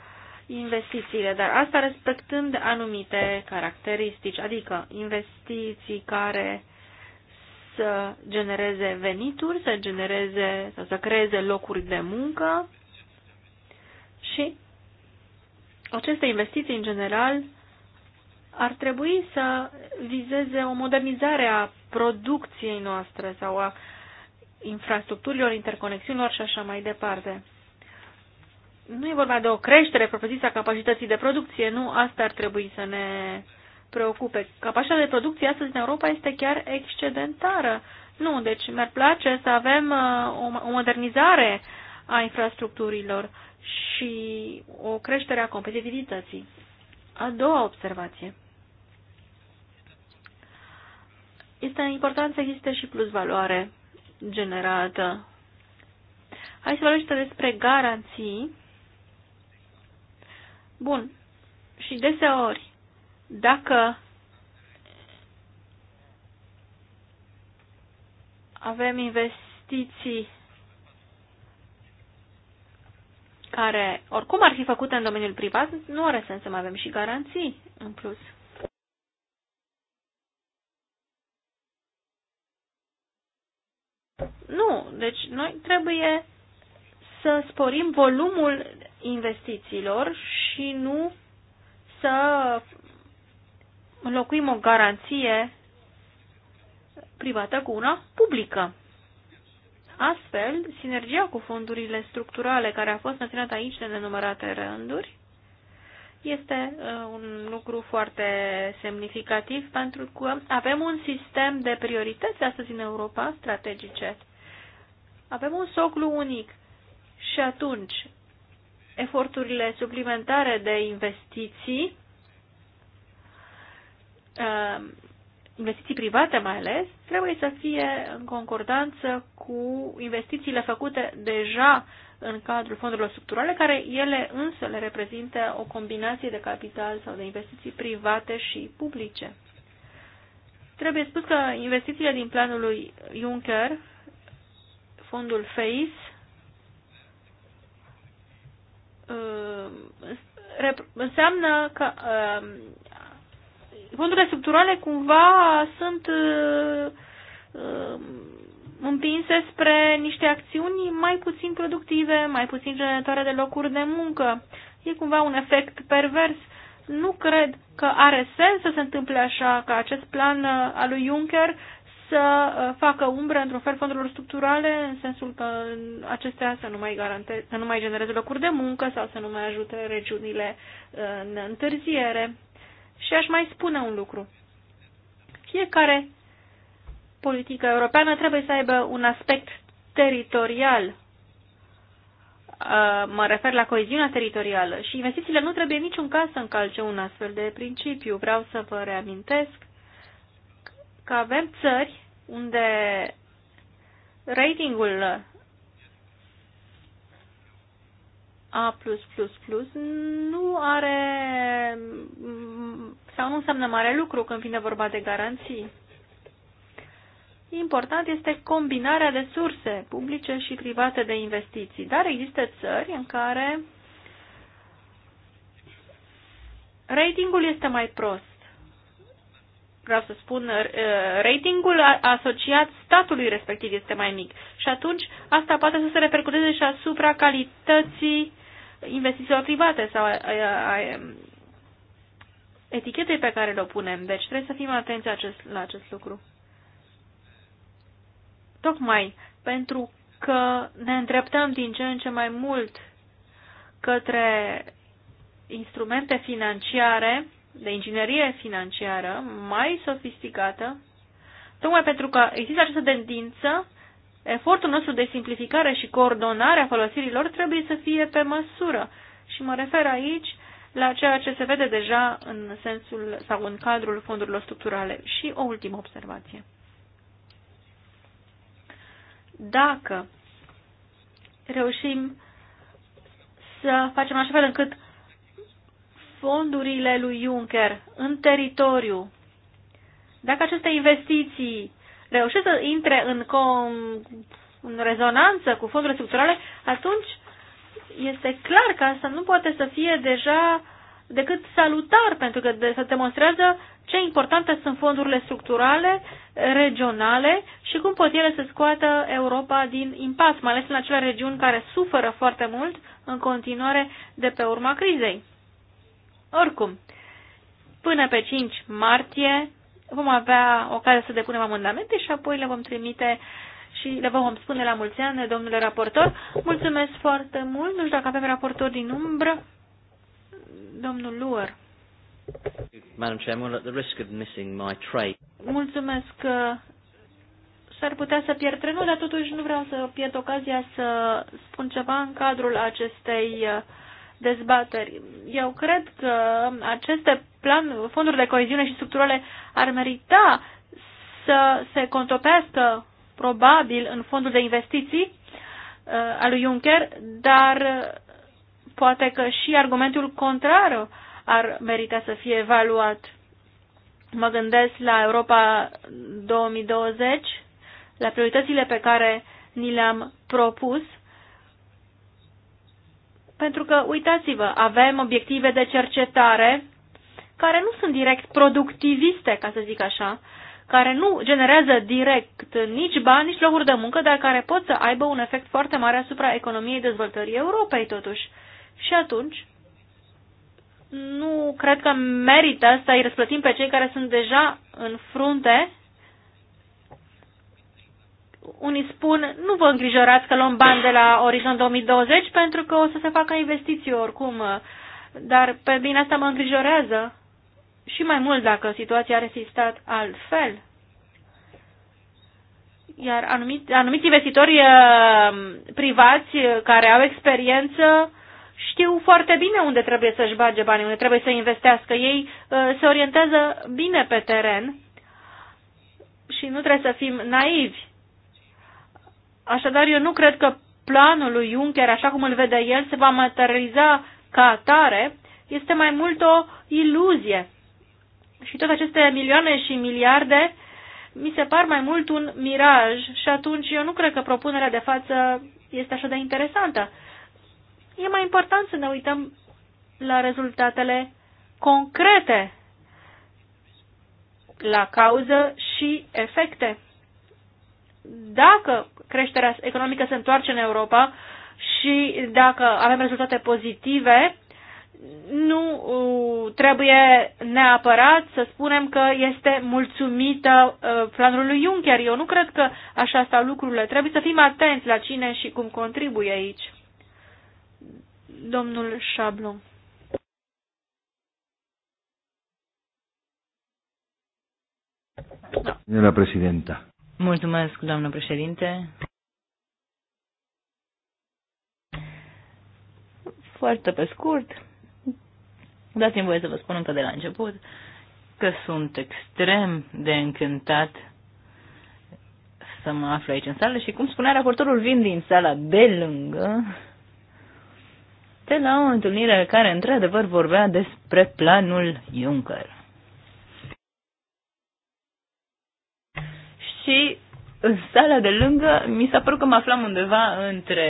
investițiile, dar asta respectând anumite caracteristici, adică investiții care să genereze venituri, să genereze sau să creeze locuri de muncă și aceste investiții în general ar trebui să vizeze o modernizare a producției noastre sau a infrastructurilor, interconexiunilor și așa mai departe. Nu e vorba de o creștere propriu-zisă a capacității de producție, nu asta ar trebui să ne preocupe. Capacitatea de producție astăzi în Europa este chiar excedentară. Nu, deci mi-ar place să avem uh, o modernizare a infrastructurilor și o creștere a competitivității. A doua observație. Este important să existe și plus valoare generată. Hai să vorbim despre garanții. Bun. Și deseori, dacă avem investiții care oricum ar fi făcute în domeniul privat, nu are sens să mai avem și garanții în plus. Nu, deci noi trebuie să sporim volumul investițiilor și nu să înlocuim o garanție privată cu una publică. Astfel, sinergia cu fondurile structurale care a fost menționată aici de nenumărate rânduri este uh, un lucru foarte semnificativ pentru că avem un sistem de priorități astăzi în Europa strategice. Avem un soclu unic și atunci eforturile suplimentare de investiții, uh, investiții private mai ales, trebuie să fie în concordanță cu investițiile făcute deja în cadrul fondurilor structurale, care ele însă le reprezintă o combinație de capital sau de investiții private și publice. Trebuie spus că investițiile din planul lui Juncker, fondul FACE, uh, înseamnă că uh, fondurile structurale cumva sunt uh, um, împinse spre niște acțiuni mai puțin productive, mai puțin generatoare de locuri de muncă. E cumva un efect pervers. Nu cred că are sens să se întâmple așa, ca acest plan uh, al lui Juncker să uh, facă umbră într-un fel fondurilor structurale, în sensul că acestea să nu mai, garante, să nu mai genereze locuri de muncă sau să nu mai ajute regiunile uh, în întârziere. Și aș mai spune un lucru. Fiecare politică europeană trebuie să aibă un aspect teritorial. Uh, mă refer la coeziunea teritorială și investițiile nu trebuie în niciun caz să încalce un astfel de principiu. Vreau să vă reamintesc că avem țări unde ratingul a++ nu are sau nu înseamnă mare lucru când vine vorba de garanții. Important este combinarea de surse publice și private de investiții, dar există țări în care ratingul este mai prost. Vreau să spun, uh, ratingul asociat statului respectiv este mai mic și atunci asta poate să se repercuteze și asupra calității investițiilor private sau uh, a, a, a um, etichetei pe care le punem. Deci trebuie să fim atenți acest, la acest lucru tocmai pentru că ne îndreptăm din ce în ce mai mult către instrumente financiare, de inginerie financiară mai sofisticată, tocmai pentru că există această tendință, efortul nostru de simplificare și coordonare a folosirilor trebuie să fie pe măsură. Și mă refer aici la ceea ce se vede deja în sensul sau în cadrul fondurilor structurale. Și o ultimă observație dacă reușim să facem așa fel încât fondurile lui Juncker în teritoriu, dacă aceste investiții reușesc să intre în, com, în rezonanță cu fondurile structurale, atunci este clar că asta nu poate să fie deja uh, decât salutar, pentru că se demonstrează ce importante sunt fondurile structurale, regionale și cum pot ele să scoată Europa din impas, mai ales în acele regiuni care suferă foarte mult în continuare de pe urma crizei. Oricum, până pe 5 martie vom avea ocazia să depunem amendamente și apoi le vom trimite și le vom spune la mulți ani, domnule raportor. Mulțumesc foarte mult. Nu știu dacă avem raportor din umbră. Domnul Luer. Madam Chairman, at the risk of missing my train. Mulțumesc. S-ar putea să pierd trenul, dar totuși nu vreau să pierd ocazia să spun ceva în cadrul acestei uh, dezbateri. Eu cred că aceste plan, fonduri de coeziune și structurale ar merita să se contopească probabil în fondul de investiții uh, al lui Juncker, dar poate că și argumentul contrar ar merita să fie evaluat. Mă gândesc la Europa 2020, la prioritățile pe care ni le-am propus, pentru că, uitați-vă, avem obiective de cercetare care nu sunt direct productiviste, ca să zic așa, care nu generează direct nici bani, nici locuri de muncă, dar care pot să aibă un efect foarte mare asupra economiei dezvoltării Europei, totuși. Și atunci, nu cred că merită să îi răsplătim pe cei care sunt deja în frunte. Unii spun, nu vă îngrijorați că luăm bani de la Orizont 2020 pentru că o să se facă investiții oricum, dar pe bine asta mă îngrijorează și mai mult dacă situația a rezistat altfel. Iar anumiți, anumiți investitori eh, privați care au experiență știu foarte bine unde trebuie să-și bage banii, unde trebuie să investească. Ei uh, se orientează bine pe teren și nu trebuie să fim naivi. Așadar, eu nu cred că planul lui Juncker, așa cum îl vede el, se va materializa ca atare. Este mai mult o iluzie. Și toate aceste milioane și miliarde mi se par mai mult un miraj și atunci eu nu cred că propunerea de față este așa de interesantă e mai important să ne uităm la rezultatele concrete, la cauză și efecte. Dacă creșterea economică se întoarce în Europa și dacă avem rezultate pozitive, nu uh, trebuie neapărat să spunem că este mulțumită uh, planului Juncker. Eu nu cred că așa stau lucrurile. Trebuie să fim atenți la cine și cum contribuie aici domnul Șablon. Da. Doamna președinta. Mulțumesc, doamnă președinte. Foarte pe scurt, dați-mi voie să vă spun încă de la început că sunt extrem de încântat să mă aflu aici în sală și, cum spunea raportorul, vin din sala de lângă 2007 la o întâlnire care într-adevăr vorbea despre planul Juncker. Și în sala de lângă mi s-a părut că mă aflam undeva între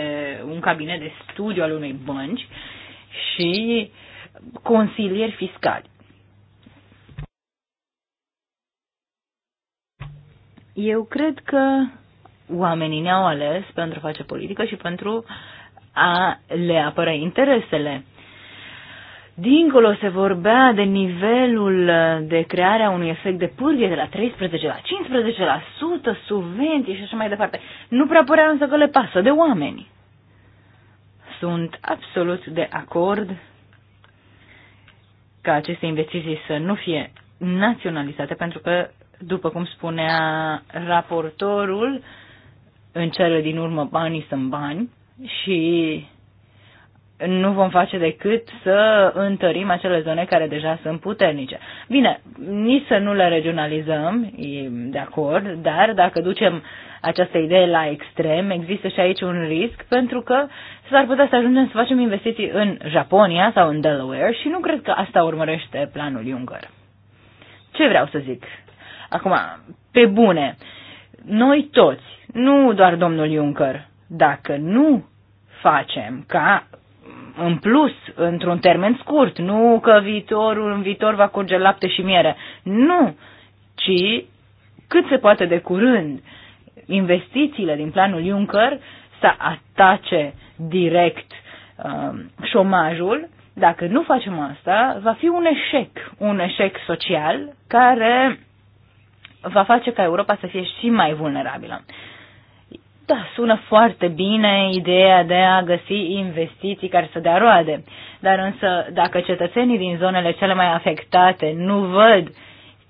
un cabinet de studiu al unei bănci și consilieri fiscali. Eu cred că oamenii ne-au ales pentru a face politică și pentru a le apăra interesele. Dincolo se vorbea de nivelul de creare a unui efect de pârghie de la 13 la 15%, subvenții și așa mai departe. Nu prea părea însă că le pasă de oameni. Sunt absolut de acord ca aceste investiții să nu fie naționalizate, pentru că, după cum spunea raportorul, în cele din urmă banii sunt bani și nu vom face decât să întărim acele zone care deja sunt puternice. Bine, nici să nu le regionalizăm, de acord, dar dacă ducem această idee la extrem, există și aici un risc, pentru că s-ar putea să ajungem să facem investiții în Japonia sau în Delaware și nu cred că asta urmărește planul Juncker. Ce vreau să zic? Acum, pe bune, noi toți, nu doar domnul Juncker, dacă nu facem ca în plus, într-un termen scurt, nu că viitorul în viitor va curge lapte și miere, nu, ci cât se poate de curând investițiile din planul Juncker să atace direct uh, șomajul, dacă nu facem asta, va fi un eșec, un eșec social care va face ca Europa să fie și mai vulnerabilă. Da, sună foarte bine ideea de a găsi investiții care să dea roade, dar însă dacă cetățenii din zonele cele mai afectate nu văd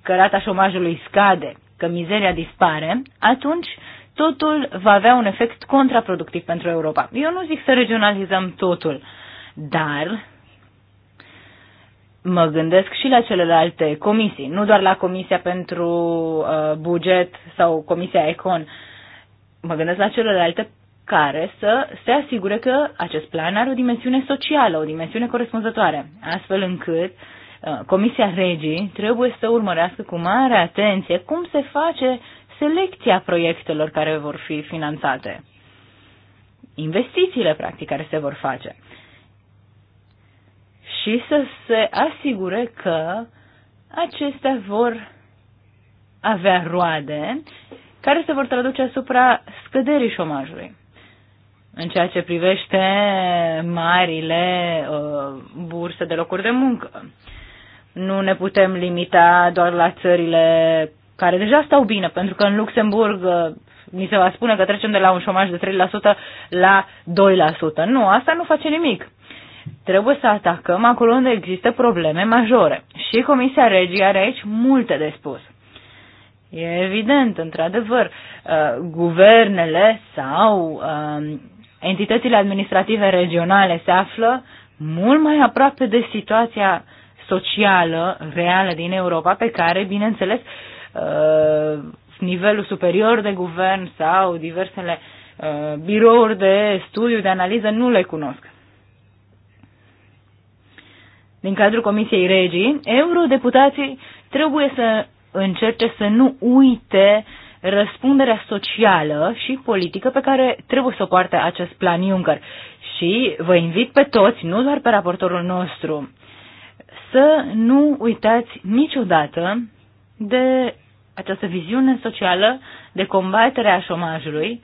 că rata șomajului scade, că mizeria dispare, atunci totul va avea un efect contraproductiv pentru Europa. Eu nu zic să regionalizăm totul, dar mă gândesc și la celelalte comisii, nu doar la Comisia pentru uh, Buget sau Comisia Econ. Uh, mă gândesc la celelalte care să se asigure că acest plan are o dimensiune socială, o dimensiune corespunzătoare, astfel încât uh, Comisia Regii trebuie să urmărească cu mare atenție cum se face selecția proiectelor care vor fi finanțate, investițiile, practic, care se vor face și să se asigure că acestea vor avea roade care se vor traduce asupra scăderii șomajului. În ceea ce privește marile uh, burse de locuri de muncă, nu ne putem limita doar la țările care deja stau bine, pentru că în Luxemburg uh, ni se va spune că trecem de la un șomaj de 3% la 2%. Nu, asta nu face nimic. Trebuie să atacăm acolo unde există probleme majore. Și Comisia Regii are aici multe de spus. E evident, într-adevăr, uh, guvernele sau um, entitățile administrative regionale se află mult mai aproape de situația socială reală din Europa, pe care, bineînțeles, uh, nivelul superior de guvern sau diversele uh, birouri de studiu, de analiză nu le cunosc. Din cadrul Comisiei Regii, eurodeputații trebuie să încerce să nu uite răspunderea socială și politică pe care trebuie să o poarte acest plan Juncker. Și vă invit pe toți, nu doar pe raportorul nostru, să nu uitați niciodată de această viziune socială de combatere a șomajului.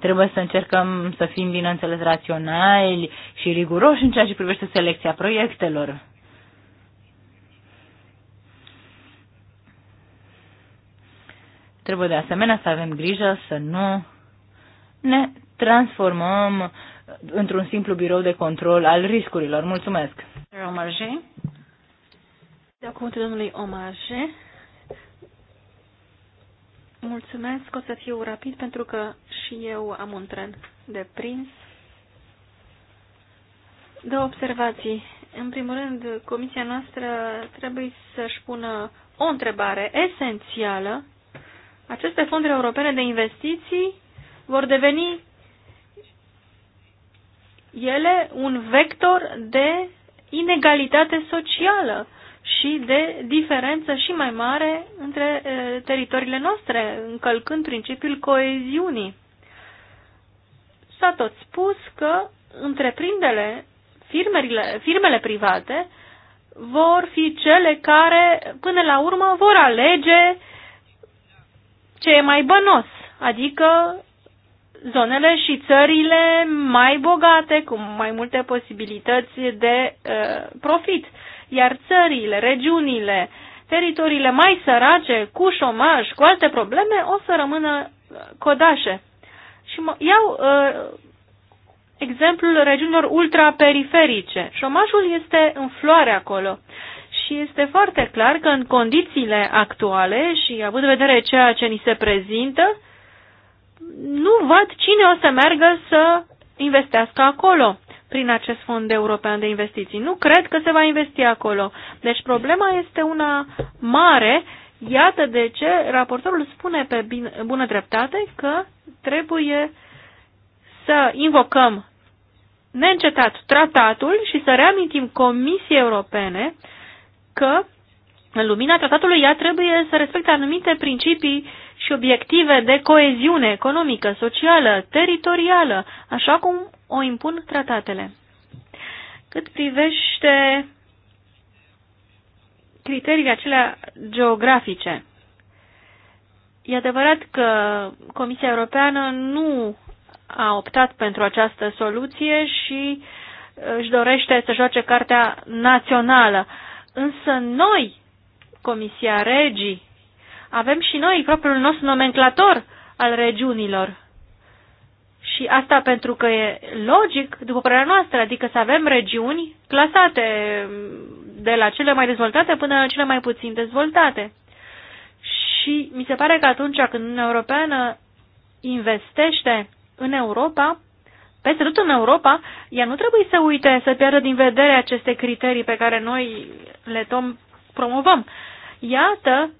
Trebuie să încercăm să fim, bineînțeles, raționali și riguroși în ceea ce privește selecția proiectelor Trebuie de asemenea să avem grijă să nu ne transformăm într-un simplu birou de control al riscurilor. Mulțumesc! Omarje. De acum, domnului Omarje. Mulțumesc, o să fiu rapid pentru că și eu am un tren de prins. Două observații. În primul rând, comisia noastră trebuie să-și pună o întrebare esențială aceste fonduri europene de investiții vor deveni ele un vector de inegalitate socială și de diferență și mai mare între teritoriile noastre, încălcând principiul coeziunii. S-a tot spus că întreprinderile, firmele, firmele private, vor fi cele care, până la urmă, vor alege ce e mai bănos, adică zonele și țările mai bogate, cu mai multe posibilități de uh, profit, iar țările, regiunile, teritoriile mai sărace, cu șomaj, cu alte probleme, o să rămână uh, codașe. Și mă, iau uh, exemplul regiunilor ultraperiferice. Șomajul este în floare acolo. Uh, și este foarte clar că în condițiile actuale și având în vedere ceea ce ni se prezintă, nu văd cine o să meargă să investească acolo prin acest fond european de investiții. Nu cred că se va investi acolo. Deci problema este una mare. Iată de ce raportorul spune pe bună dreptate că trebuie să invocăm neîncetat tratatul și să reamintim Comisiei Europene că în lumina tratatului ea trebuie să respecte anumite principii și obiective de coeziune economică, socială, teritorială, așa cum o impun tratatele. Cât privește criteriile acelea geografice, e adevărat că Comisia Europeană nu a optat pentru această soluție și își dorește să joace cartea națională Însă noi, Comisia Regii, avem și noi propriul nostru nomenclator al regiunilor. Și asta pentru că e logic, după părerea noastră, adică să avem regiuni clasate de la cele mai dezvoltate până la cele mai puțin dezvoltate. Și mi se pare că atunci când Uniunea Europeană investește în Europa, peste tot în Europa, ea nu trebuie să uite, să pierdă din vedere aceste criterii pe care noi le tom promovăm. Iată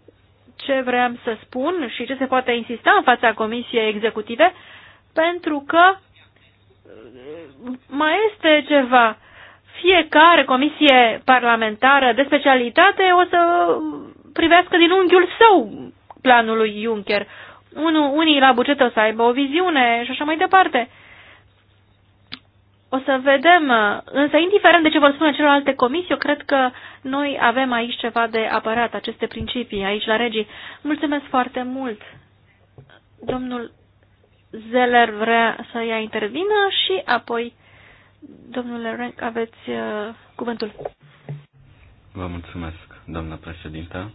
ce vreau să spun și ce se poate insista în fața Comisiei Executive, pentru că mm, mai este ceva. Fiecare comisie parlamentară de specialitate o să privească din unghiul său planului Juncker. Unu, unii la buget o să aibă o viziune și așa mai departe. O să vedem, însă indiferent de ce vor spune celelalte comisii, eu cred că noi avem aici ceva de apărat, aceste principii aici la regii. Mulțumesc foarte mult. Domnul Zeller vrea să ia intervină și apoi, domnule Renc, aveți uh, cuvântul. Vă mulțumesc, doamna președintă.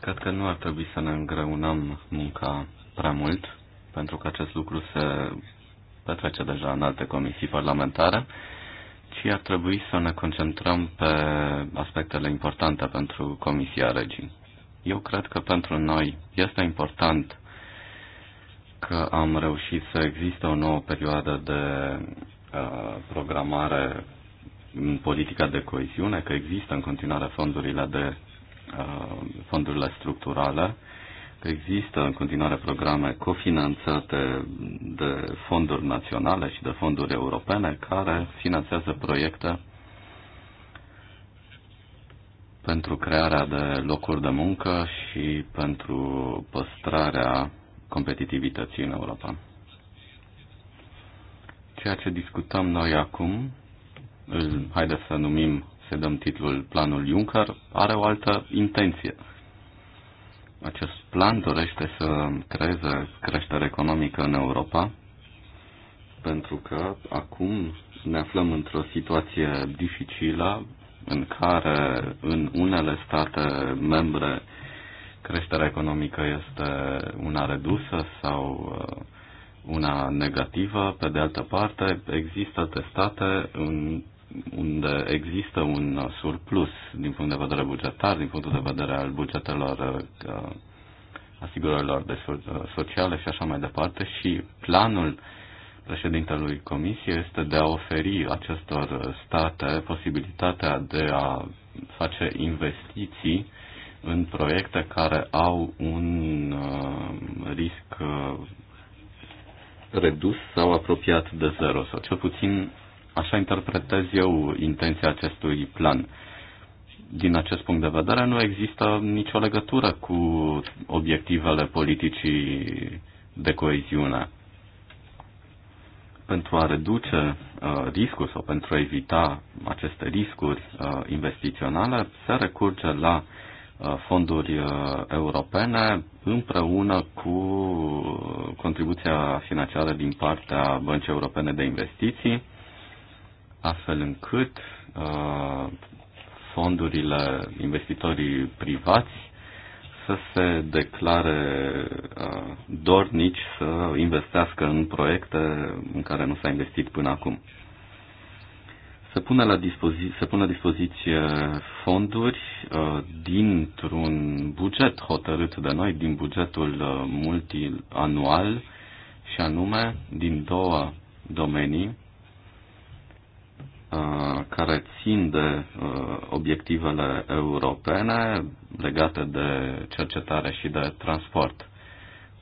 Cred că nu ar trebui să ne îngreunăm munca prea mult, pentru că acest lucru se petrece deja în alte comisii parlamentare, ci ar trebui să ne concentrăm pe aspectele importante pentru Comisia Regii. Eu cred că pentru noi este important că am reușit să existe o nouă perioadă de uh, programare în politica de coeziune, că există în continuare fondurile de uh, fondurile structurale Există în continuare programe cofinanțate de fonduri naționale și de fonduri europene care finanțează proiecte pentru crearea de locuri de muncă și pentru păstrarea competitivității în Europa. Ceea ce discutăm noi acum, îl, haideți să numim, să dăm titlul Planul Juncker, are o altă intenție – acest plan dorește să creeze creștere economică în Europa, pentru că acum ne aflăm într-o situație dificilă în care în unele state membre creșterea economică este una redusă sau uh, una negativă. Pe de altă parte, există state în unde există un surplus din punct de vedere bugetar, din punct de vedere al bugetelor uh, asigurărilor de uh, sociale și așa mai departe și planul președintelui Comisiei este de a oferi acestor state posibilitatea de a face investiții în proiecte care au un uh, risc redus sau apropiat de zero sau cel puțin Așa interpretez eu intenția acestui plan. Din acest punct de vedere, nu există nicio legătură cu obiectivele politicii de coeziune. Pentru a reduce uh, riscul sau pentru a evita aceste riscuri uh, investiționale, se recurge la uh, fonduri uh, europene împreună cu contribuția financiară din partea Băncii Europene de Investiții astfel încât uh, fondurile investitorii privați să se declare uh, dornici să investească în proiecte în care nu s-a investit până acum. Se pune la dispozi- se pune la dispoziție fonduri uh, dintr-un buget hotărât de noi, din bugetul uh, multianual, și anume din două domenii Uh, care țin de uh, obiectivele europene legate de cercetare și de transport.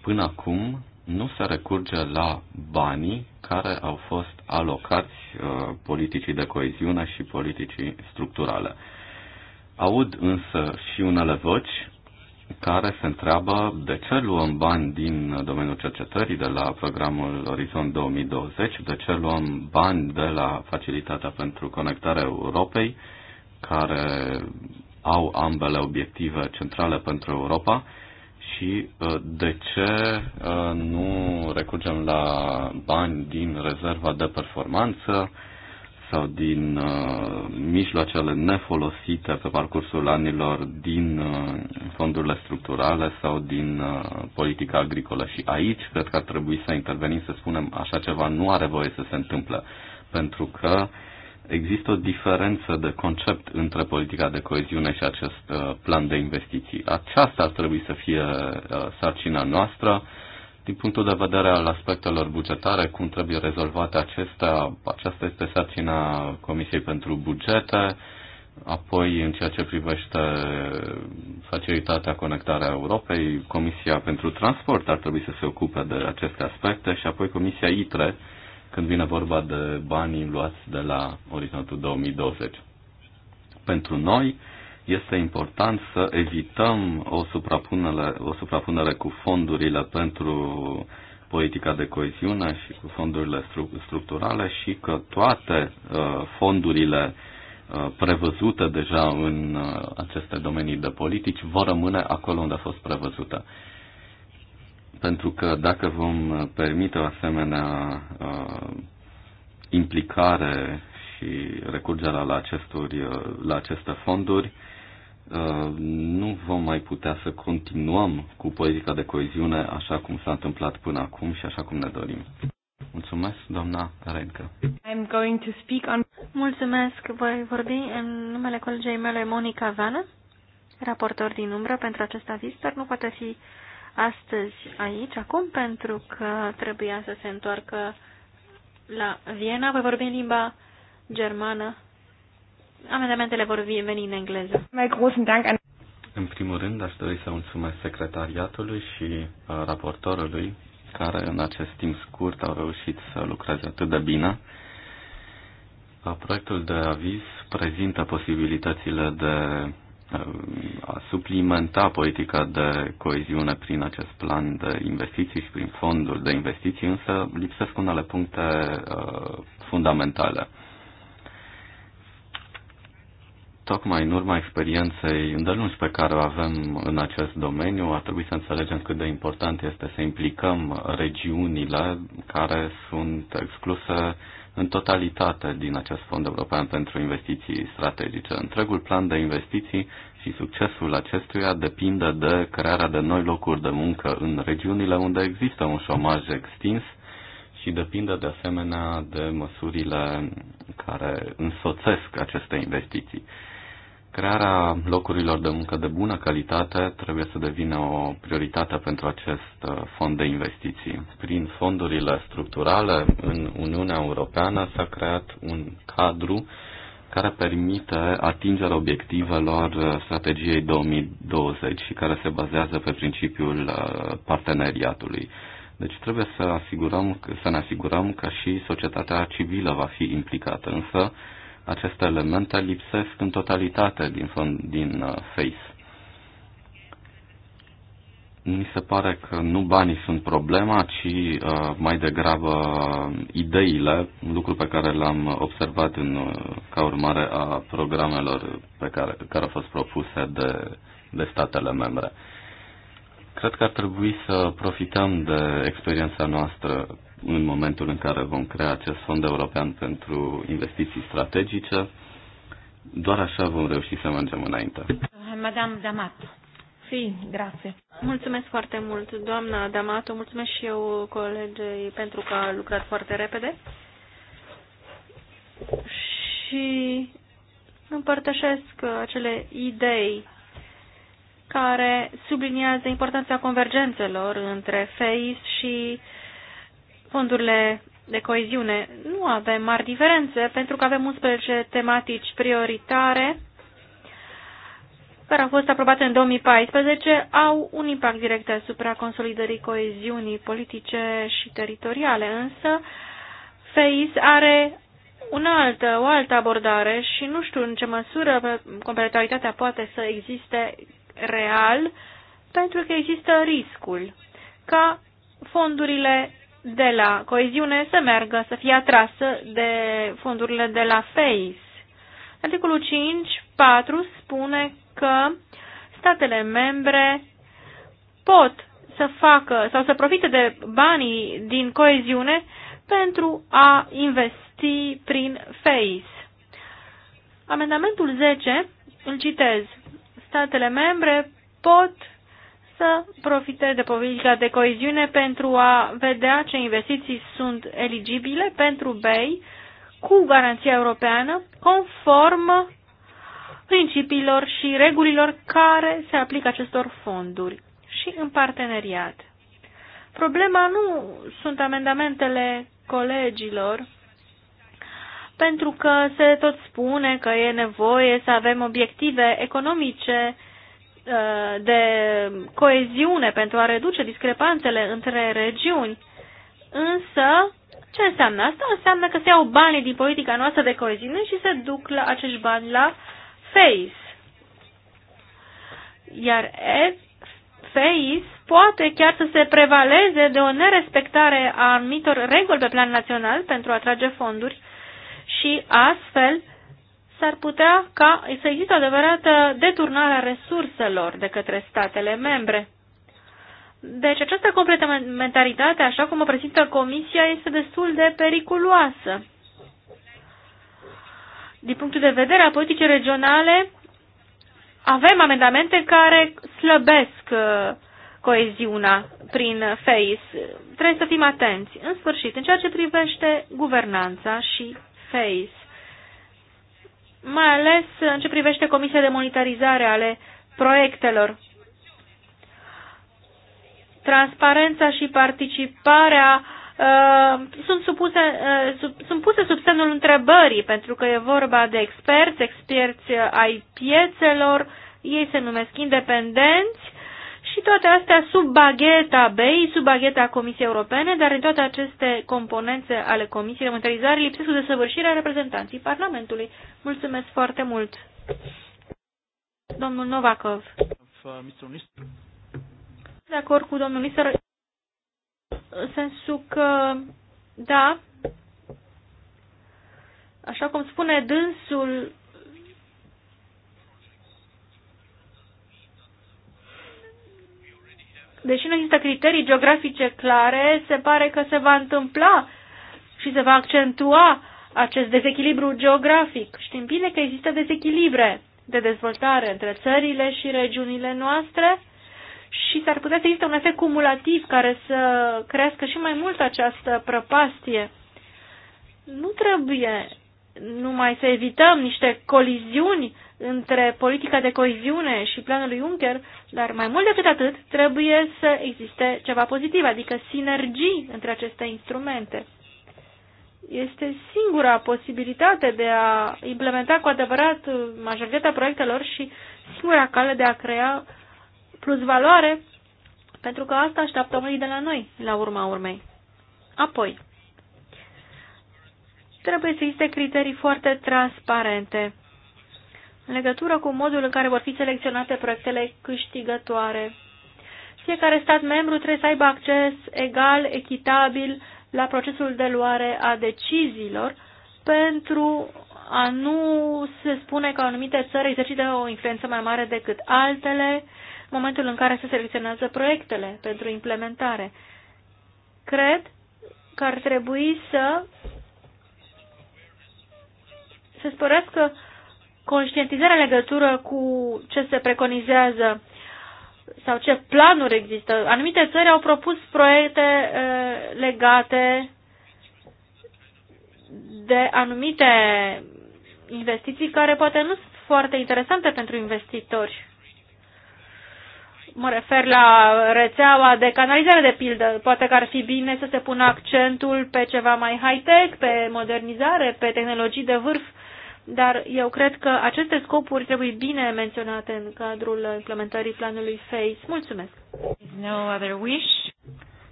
Până acum nu se recurge la banii care au fost alocați uh, politicii de coeziune și politicii structurale. Aud însă și unele voci care se întreabă de ce luăm bani din domeniul cercetării de la programul Orizont 2020, de ce luăm bani de la Facilitatea pentru Conectarea Europei, care au ambele obiective centrale pentru Europa și uh, de ce uh, nu recurgem la bani din rezerva de performanță, sau din uh, mijloacele nefolosite pe parcursul anilor din uh, fondurile structurale sau din uh, politica agricolă. Și aici cred că ar trebui să intervenim, să spunem, așa ceva nu are voie să se întâmple, pentru că există o diferență de concept între politica de coeziune și acest uh, plan de investiții. Aceasta ar trebui să fie uh, sarcina noastră. Uh, din punctul de vedere al aspectelor bugetare, cum trebuie rezolvate acestea, aceasta este sarcina Comisiei pentru Bugete, apoi în ceea ce privește facilitatea conectarea Europei, Comisia pentru Transport ar trebui să se ocupe de aceste aspecte și apoi Comisia ITRE, când vine vorba de banii luați de la orizontul 2020. Pentru noi, este important să evităm o suprapunere, o suprapunere cu fondurile pentru politica de coeziune și cu fondurile structurale și că toate uh, fondurile uh, prevăzute deja în uh, aceste domenii de politici vor rămâne acolo unde a fost prevăzută. Pentru că dacă vom permite o asemenea implicare și recurgerea la, acestor, la aceste fonduri, Uh, nu vom mai putea să continuăm cu politica de coeziune așa cum s-a întâmplat până acum și așa cum ne dorim. Mulțumesc, doamna Renca. I'm going to speak on... Mulțumesc, voi vorbi în numele colegei mele Monica Vană, raportor din umbră pentru acest aviz, dar nu poate fi astăzi aici, acum, pentru că trebuia să se întoarcă la Viena. Voi vorbi în limba germană Amendamentele vor veni în engleză. Mai großen Dank an în primul rând, aș dori să mulțumesc secretariatului și uh, raportorului care în acest timp scurt au reușit să lucreze atât de bine. Uh, proiectul de aviz prezintă posibilitățile de uh, a suplimenta politica de coeziune prin acest plan de investiții și prin fondul de investiții, însă lipsesc unele puncte fundamentale tocmai în urma experienței îndelungi pe care o avem în acest domeniu, ar trebui să înțelegem cât de important este să implicăm regiunile care sunt excluse în totalitate din acest fond european pentru investiții strategice. Întregul plan de investiții și succesul acestuia depinde de crearea de noi locuri de muncă în regiunile unde există un șomaj extins și depinde de asemenea de măsurile care însoțesc aceste investiții. Crearea locurilor de muncă de bună calitate trebuie să devină o prioritate pentru acest uh, fond de investiții. Prin fondurile structurale în Uniunea Europeană s-a creat un cadru care permite atingerea obiectivelor uh, strategiei 2020 și care se bazează pe principiul uh, parteneriatului. Deci trebuie să, asigurăm, să ne asigurăm că și societatea civilă va fi implicată, însă aceste elemente lipsesc în totalitate din, fond, din uh, FACE. Mi se pare că nu banii sunt problema, ci uh, mai degrabă ideile, lucru pe care l-am observat în, uh, ca urmare a programelor pe care, care au fost propuse de, de statele membre. Cred că ar trebui să profităm de experiența noastră în momentul în care vom crea acest fond european pentru investiții strategice. Doar așa vom reuși să mergem înainte. Madame Damato. Si, grație. Mulțumesc foarte mult, doamna Damato. Mulțumesc și eu colegei pentru că a lucrat foarte repede. Și împărtășesc acele idei care subliniază importanța convergențelor între FACE și uh, fondurile de coeziune. Nu avem mari diferențe pentru că avem 11 tematici prioritare care au fost aprobate în 2014, au un impact direct asupra consolidării coeziunii politice și teritoriale, însă FEIS are un alt, o altă abordare și nu știu în ce măsură complementaritatea poate să existe real, pentru că există riscul ca fondurile de la coeziune să meargă, să fie atrasă de fondurile de la FACE. Articolul 5.4 spune că statele membre pot să facă sau să profite de banii din coeziune pentru a investi prin FACE. Amendamentul 10, îl citez, statele membre pot să profite de politica de coeziune pentru a vedea ce investiții sunt eligibile pentru BEI cu garanția europeană, conform principiilor și regulilor care se aplică acestor fonduri și în parteneriat. Problema nu sunt amendamentele colegilor, pentru că se tot spune că e nevoie să avem obiective economice Uh, de coeziune pentru a reduce discrepanțele între regiuni. Însă, ce înseamnă asta? Înseamnă că se iau banii din politica noastră de coeziune și se duc la acești bani la FACE. Iar FACE poate chiar să se prevaleze de o nerespectare a anumitor reguli pe plan național pentru a atrage fonduri și astfel s-ar putea ca să există o adevărată deturnare a resurselor de către statele membre. Deci această complementaritate, așa cum o prezintă Comisia, este destul de periculoasă. Din punctul de vedere a politicii regionale, avem amendamente care slăbesc uh, coeziunea prin FACE. Trebuie să fim atenți. În sfârșit, în ceea ce privește guvernanța și FACE, mai ales în ce privește Comisia de Monitorizare ale proiectelor. Transparența și participarea uh, sunt, supuse, uh, sub, sunt puse sub semnul întrebării, pentru că e vorba de experți, experți ai piețelor, ei se numesc independenți și toate astea sub bagheta BEI, sub bagheta Comisiei Europene, dar în toate aceste componențe ale Comisiei de Monitorizare lipsesc de a reprezentanții Parlamentului. Mulțumesc foarte mult! Domnul Novakov. De acord cu domnul Lister, în sensul că, da, așa cum spune dânsul, deși nu există criterii geografice clare, se pare că se va întâmpla și se va accentua acest dezechilibru geografic. Știm bine că există dezechilibre de dezvoltare între țările și regiunile noastre și s-ar putea să există un efect cumulativ care să crească și mai mult această prăpastie. Nu trebuie numai să evităm niște coliziuni între politica de coeziune și planul lui Juncker, dar mai mult decât atât, trebuie să existe ceva pozitiv, adică sinergii între aceste instrumente. Este singura posibilitate de a implementa cu adevărat majoritatea proiectelor și singura cale de a crea plus valoare, pentru că asta așteaptă unii de la noi, la urma urmei. Apoi, trebuie să existe criterii foarte transparente în legătură cu modul în care vor fi selecționate proiectele câștigătoare. Fiecare stat membru trebuie să aibă acces egal, echitabil la procesul de luare a deciziilor pentru a nu se spune că anumite țări exercită o influență mai mare decât altele în momentul în care se selecționează proiectele pentru implementare. Cred că ar trebui să se sporească conștientizarea legătură cu ce se preconizează sau ce planuri există. Anumite țări au propus proiecte legate de anumite investiții care poate nu sunt foarte interesante pentru investitori. Mă refer la rețeaua de canalizare de pildă. Poate că ar fi bine să se pună accentul pe ceva mai high-tech, pe modernizare, pe tehnologii de vârf dar eu cred că aceste scopuri trebuie bine menționate în cadrul implementării planului FACE. Mulțumesc! No other wish.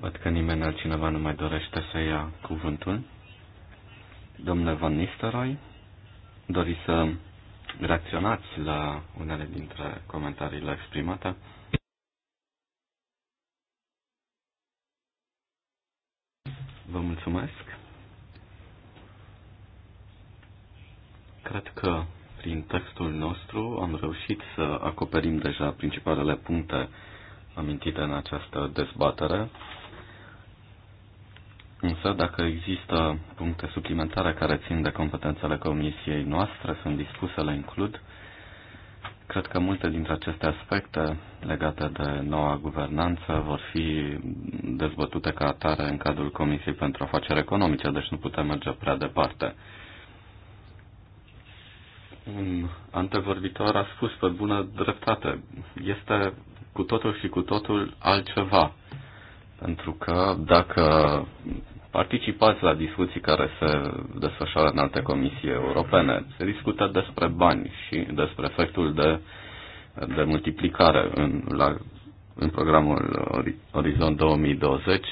Văd că nimeni altcineva nu mai dorește să ia cuvântul. Domnule Van Nistelrooy, doriți să reacționați la unele dintre comentariile exprimate? Vă mulțumesc. Cred că prin textul nostru am reușit să acoperim deja principalele puncte amintite în această dezbatere. Însă, dacă există puncte suplimentare care țin de competențele comisiei noastre, sunt să le includ. Cred că multe dintre aceste aspecte legate de noua guvernanță vor fi dezbătute ca atare în cadrul Comisiei pentru Afaceri Economice, deci nu putem merge prea departe. Un antevorbitor a spus pe bună dreptate. Este cu totul și cu totul altceva. Pentru că dacă participați la discuții care se desfășoară în alte comisii europene, se discută despre bani și despre efectul de, de multiplicare în, la, în programul Orizont 2020,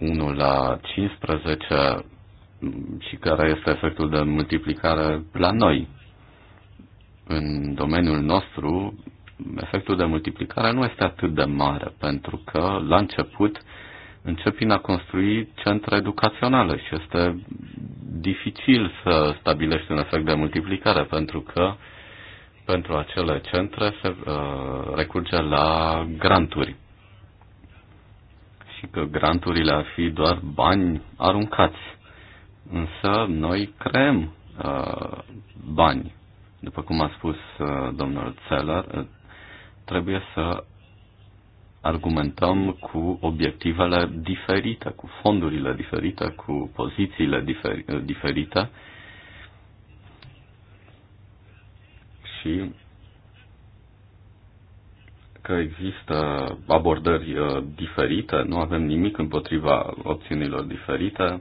1 uh, la 15 și care este efectul de multiplicare la noi. În domeniul nostru, efectul de multiplicare nu este atât de mare, pentru că la început încep prin a construi centre educaționale și este dificil să stabilești un efect de multiplicare, pentru că pentru acele centre se uh, recurge la granturi și că granturile ar fi doar bani aruncați Însă noi creăm uh, bani. După cum a spus uh, domnul Zeller, uh, trebuie să argumentăm cu obiectivele diferite, cu fondurile diferite, cu pozițiile diferi- uh, diferite și că există abordări uh, diferite, nu avem nimic împotriva opțiunilor diferite,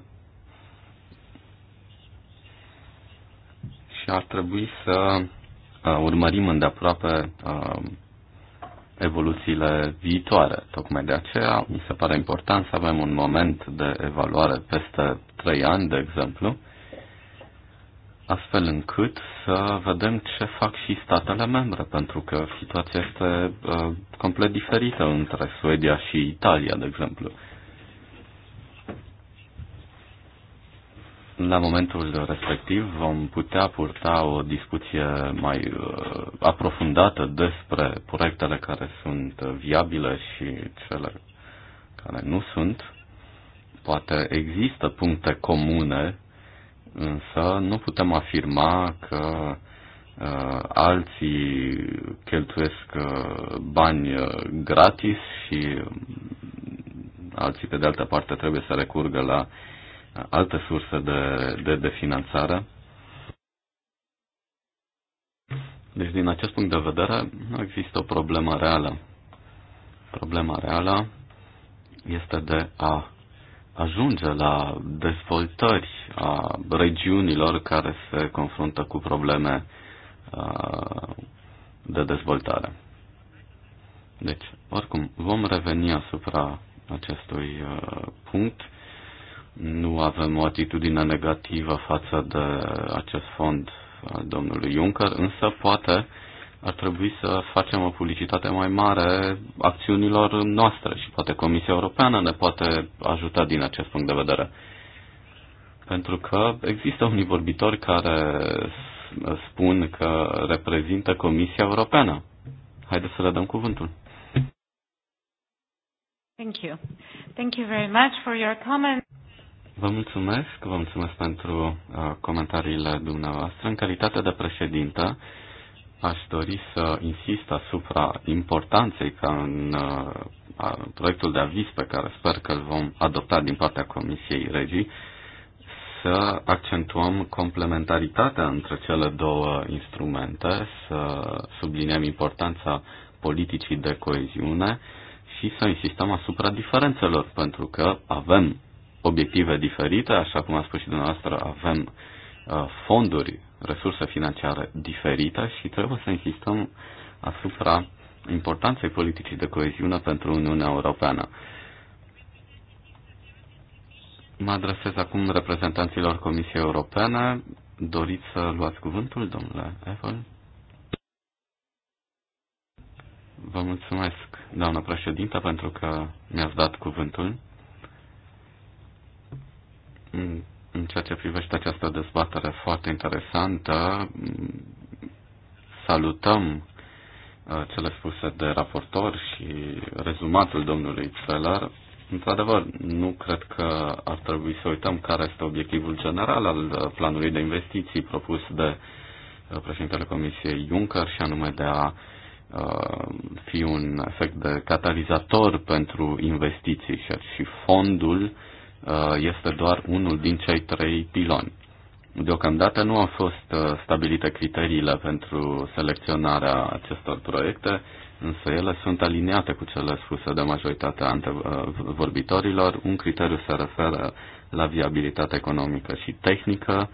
că ar trebui să uh, urmărim îndeaproape uh, evoluțiile viitoare. Tocmai de aceea mi se pare important să avem un moment de evaluare peste 3 ani, de exemplu, astfel încât să vedem ce fac și statele membre, pentru că situația este uh, complet diferită între Suedia și Italia, de exemplu. la momentul respectiv vom putea purta o discuție mai uh, aprofundată despre proiectele care sunt viabile și cele care nu sunt. Poate există puncte comune, însă nu putem afirma că uh, alții cheltuiesc uh, bani uh, gratis și alții, pe de altă parte, trebuie să recurgă la uh, alte surse de, de, de finanțare. Deci, din acest punct de vedere, nu există o problemă reală. Problema reală este de a ajunge la dezvoltări a regiunilor care se confruntă cu probleme de dezvoltare. Deci, oricum, vom reveni asupra acestui punct nu avem o atitudine negativă față de acest fond al domnului Juncker, însă poate ar trebui să facem o publicitate mai mare acțiunilor noastre și poate Comisia Europeană ne poate ajuta din acest punct de vedere. Pentru că există unii vorbitori care spun că reprezintă Comisia Europeană. Haideți să le dăm cuvântul. Thank you. Thank you very much for your comments. Vă mulțumesc, vă mulțumesc pentru uh, comentariile dumneavoastră. În calitate de președintă, aș dori să insist asupra importanței ca în uh, proiectul de aviz pe care sper că îl vom adopta din partea Comisiei Regii, să accentuăm complementaritatea între cele două instrumente, să subliniem importanța politicii de coeziune și să insistăm asupra diferențelor, pentru că avem obiective diferite, așa cum a spus și dumneavoastră, avem uh, fonduri, resurse financiare diferite și trebuie să insistăm asupra importanței politicii de coeziune pentru Uniunea Europeană. Mă adresez acum reprezentanților Comisiei Europene. Doriți să luați cuvântul, domnule Evel? Vă mulțumesc, doamnă președintă, pentru că mi-ați dat cuvântul în ceea ce privește această dezbatere foarte interesantă, salutăm uh, cele spuse de raportor și rezumatul domnului Feller. Într-adevăr, nu cred că ar trebui să uităm care este obiectivul general al uh, planului de investiții propus de uh, președintele Comisiei Juncker și anume de a fi un efect de catalizator pentru investiții și fondul Uh, este doar unul din cei trei piloni. Deocamdată nu au fost uh, stabilite criteriile pentru selecționarea acestor proiecte, însă ele sunt aliniate cu cele spuse de majoritatea uh, vorbitorilor. Un criteriu se referă la viabilitate economică și tehnică,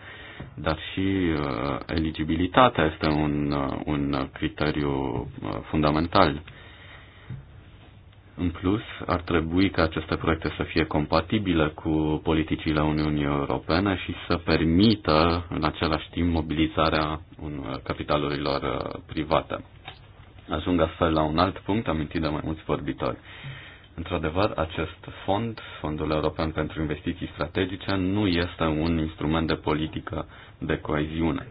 dar și eligibilitatea este un, un criteriu fundamental în plus, ar trebui ca aceste proiecte să fie compatibile cu politicile Uniunii Europene și să permită în același timp mobilizarea uh, capitalurilor uh, private. Ajung astfel la un alt punct amintit de mai mulți vorbitori. Într-adevăr, acest fond, Fondul European pentru Investiții Strategice, nu este un instrument de politică de coeziune.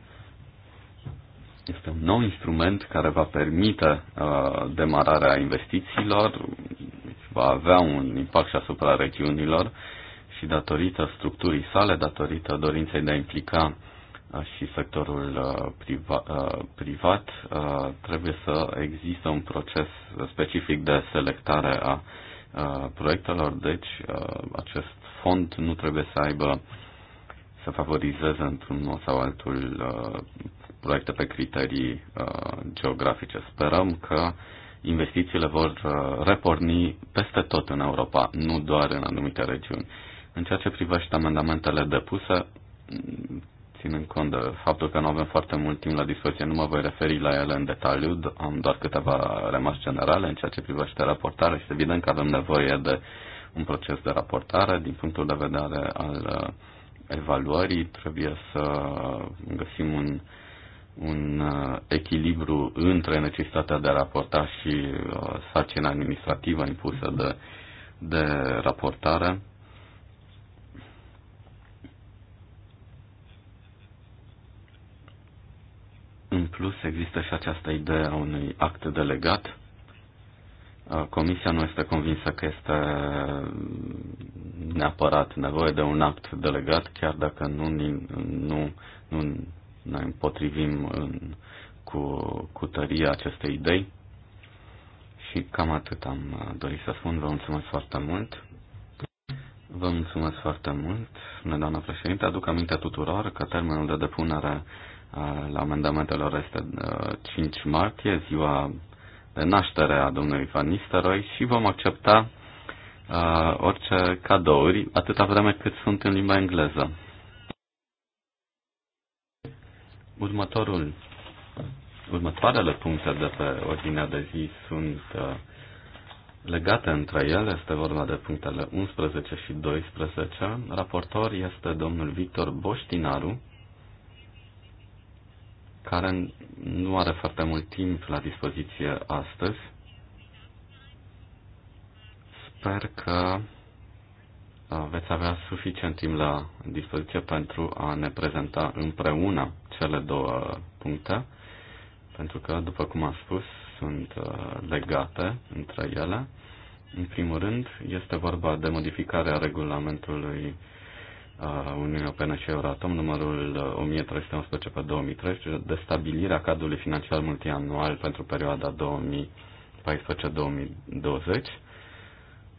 Este un nou instrument care va permite uh, demararea investițiilor, va avea un impact și asupra regiunilor și datorită structurii sale, datorită dorinței de a implica uh, și sectorul uh, priva, uh, privat, trebuie să există un proces specific de selectare a proiectelor, deci acest fond nu trebuie să aibă să favorizeze într-un mod sau altul proiecte pe criterii uh, geografice. Sperăm că investițiile vor uh, reporni peste tot în Europa, nu doar în anumite regiuni. În ceea ce privește amendamentele depuse, ținând cont de faptul că nu avem foarte mult timp la dispoziție, nu mă voi referi la ele în detaliu, am doar câteva remarci generale în ceea ce privește raportarea și evident că avem nevoie de un proces de raportare din punctul de vedere al uh, evaluării, trebuie să găsim un un uh, echilibru între necesitatea de a raporta și uh, sarcina administrativă impusă de, de raportare. În plus, există și această idee a unui act delegat. Uh, comisia nu este convinsă că este neapărat nevoie de un act delegat, chiar dacă nu, nu, nu ne împotrivim în, cu, cu tăria acestei idei. Și cam atât am uh, dorit să spun. Vă mulțumesc foarte mult. Vă mulțumesc foarte mult, doamna președinte. Aduc aminte tuturor că termenul de depunere uh, la amendamentelor este 5 uh, martie, ziua de naștere a domnului Van Nistelrooy și vom accepta uh, orice cadouri, atâta vreme cât sunt în limba engleză. Următorul, următoarele puncte de pe ordinea de zi sunt uh, legate între ele, este vorba de punctele 11 și 12. Raportor este domnul Victor Boștinaru, care nu are foarte mult timp la dispoziție astăzi. Sper că Uh, veți avea suficient timp la dispoziție pentru a ne prezenta împreună cele două puncte, pentru că, după cum am spus, sunt uh, legate între ele. În primul rând, este vorba de modificarea regulamentului uh, Uniunii Europene și Euratom, numărul 1311 pe 2013, de stabilirea cadrului financiar multianual pentru perioada 2014-2020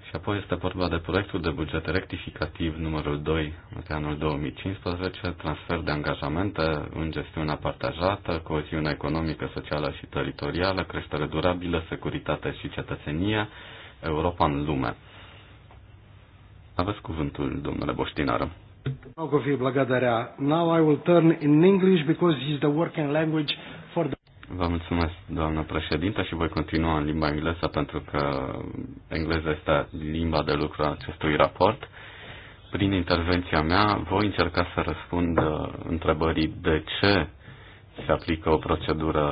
și apoi este vorba de proiectul de buget rectificativ numărul 2 de anul 2015, transfer de angajamente în gestiunea partajată, coeziune economică, socială și teritorială, creștere durabilă, securitate și cetățenie, Europa în lume. Aveți cuvântul, domnule Boștinară. Now I will turn in English because it's the working language for the... Vă mulțumesc, doamnă președintă, și voi continua în limba engleză pentru că engleza este limba de lucru a acestui raport. Prin intervenția mea voi încerca să răspund uh, întrebării de ce se aplică o procedură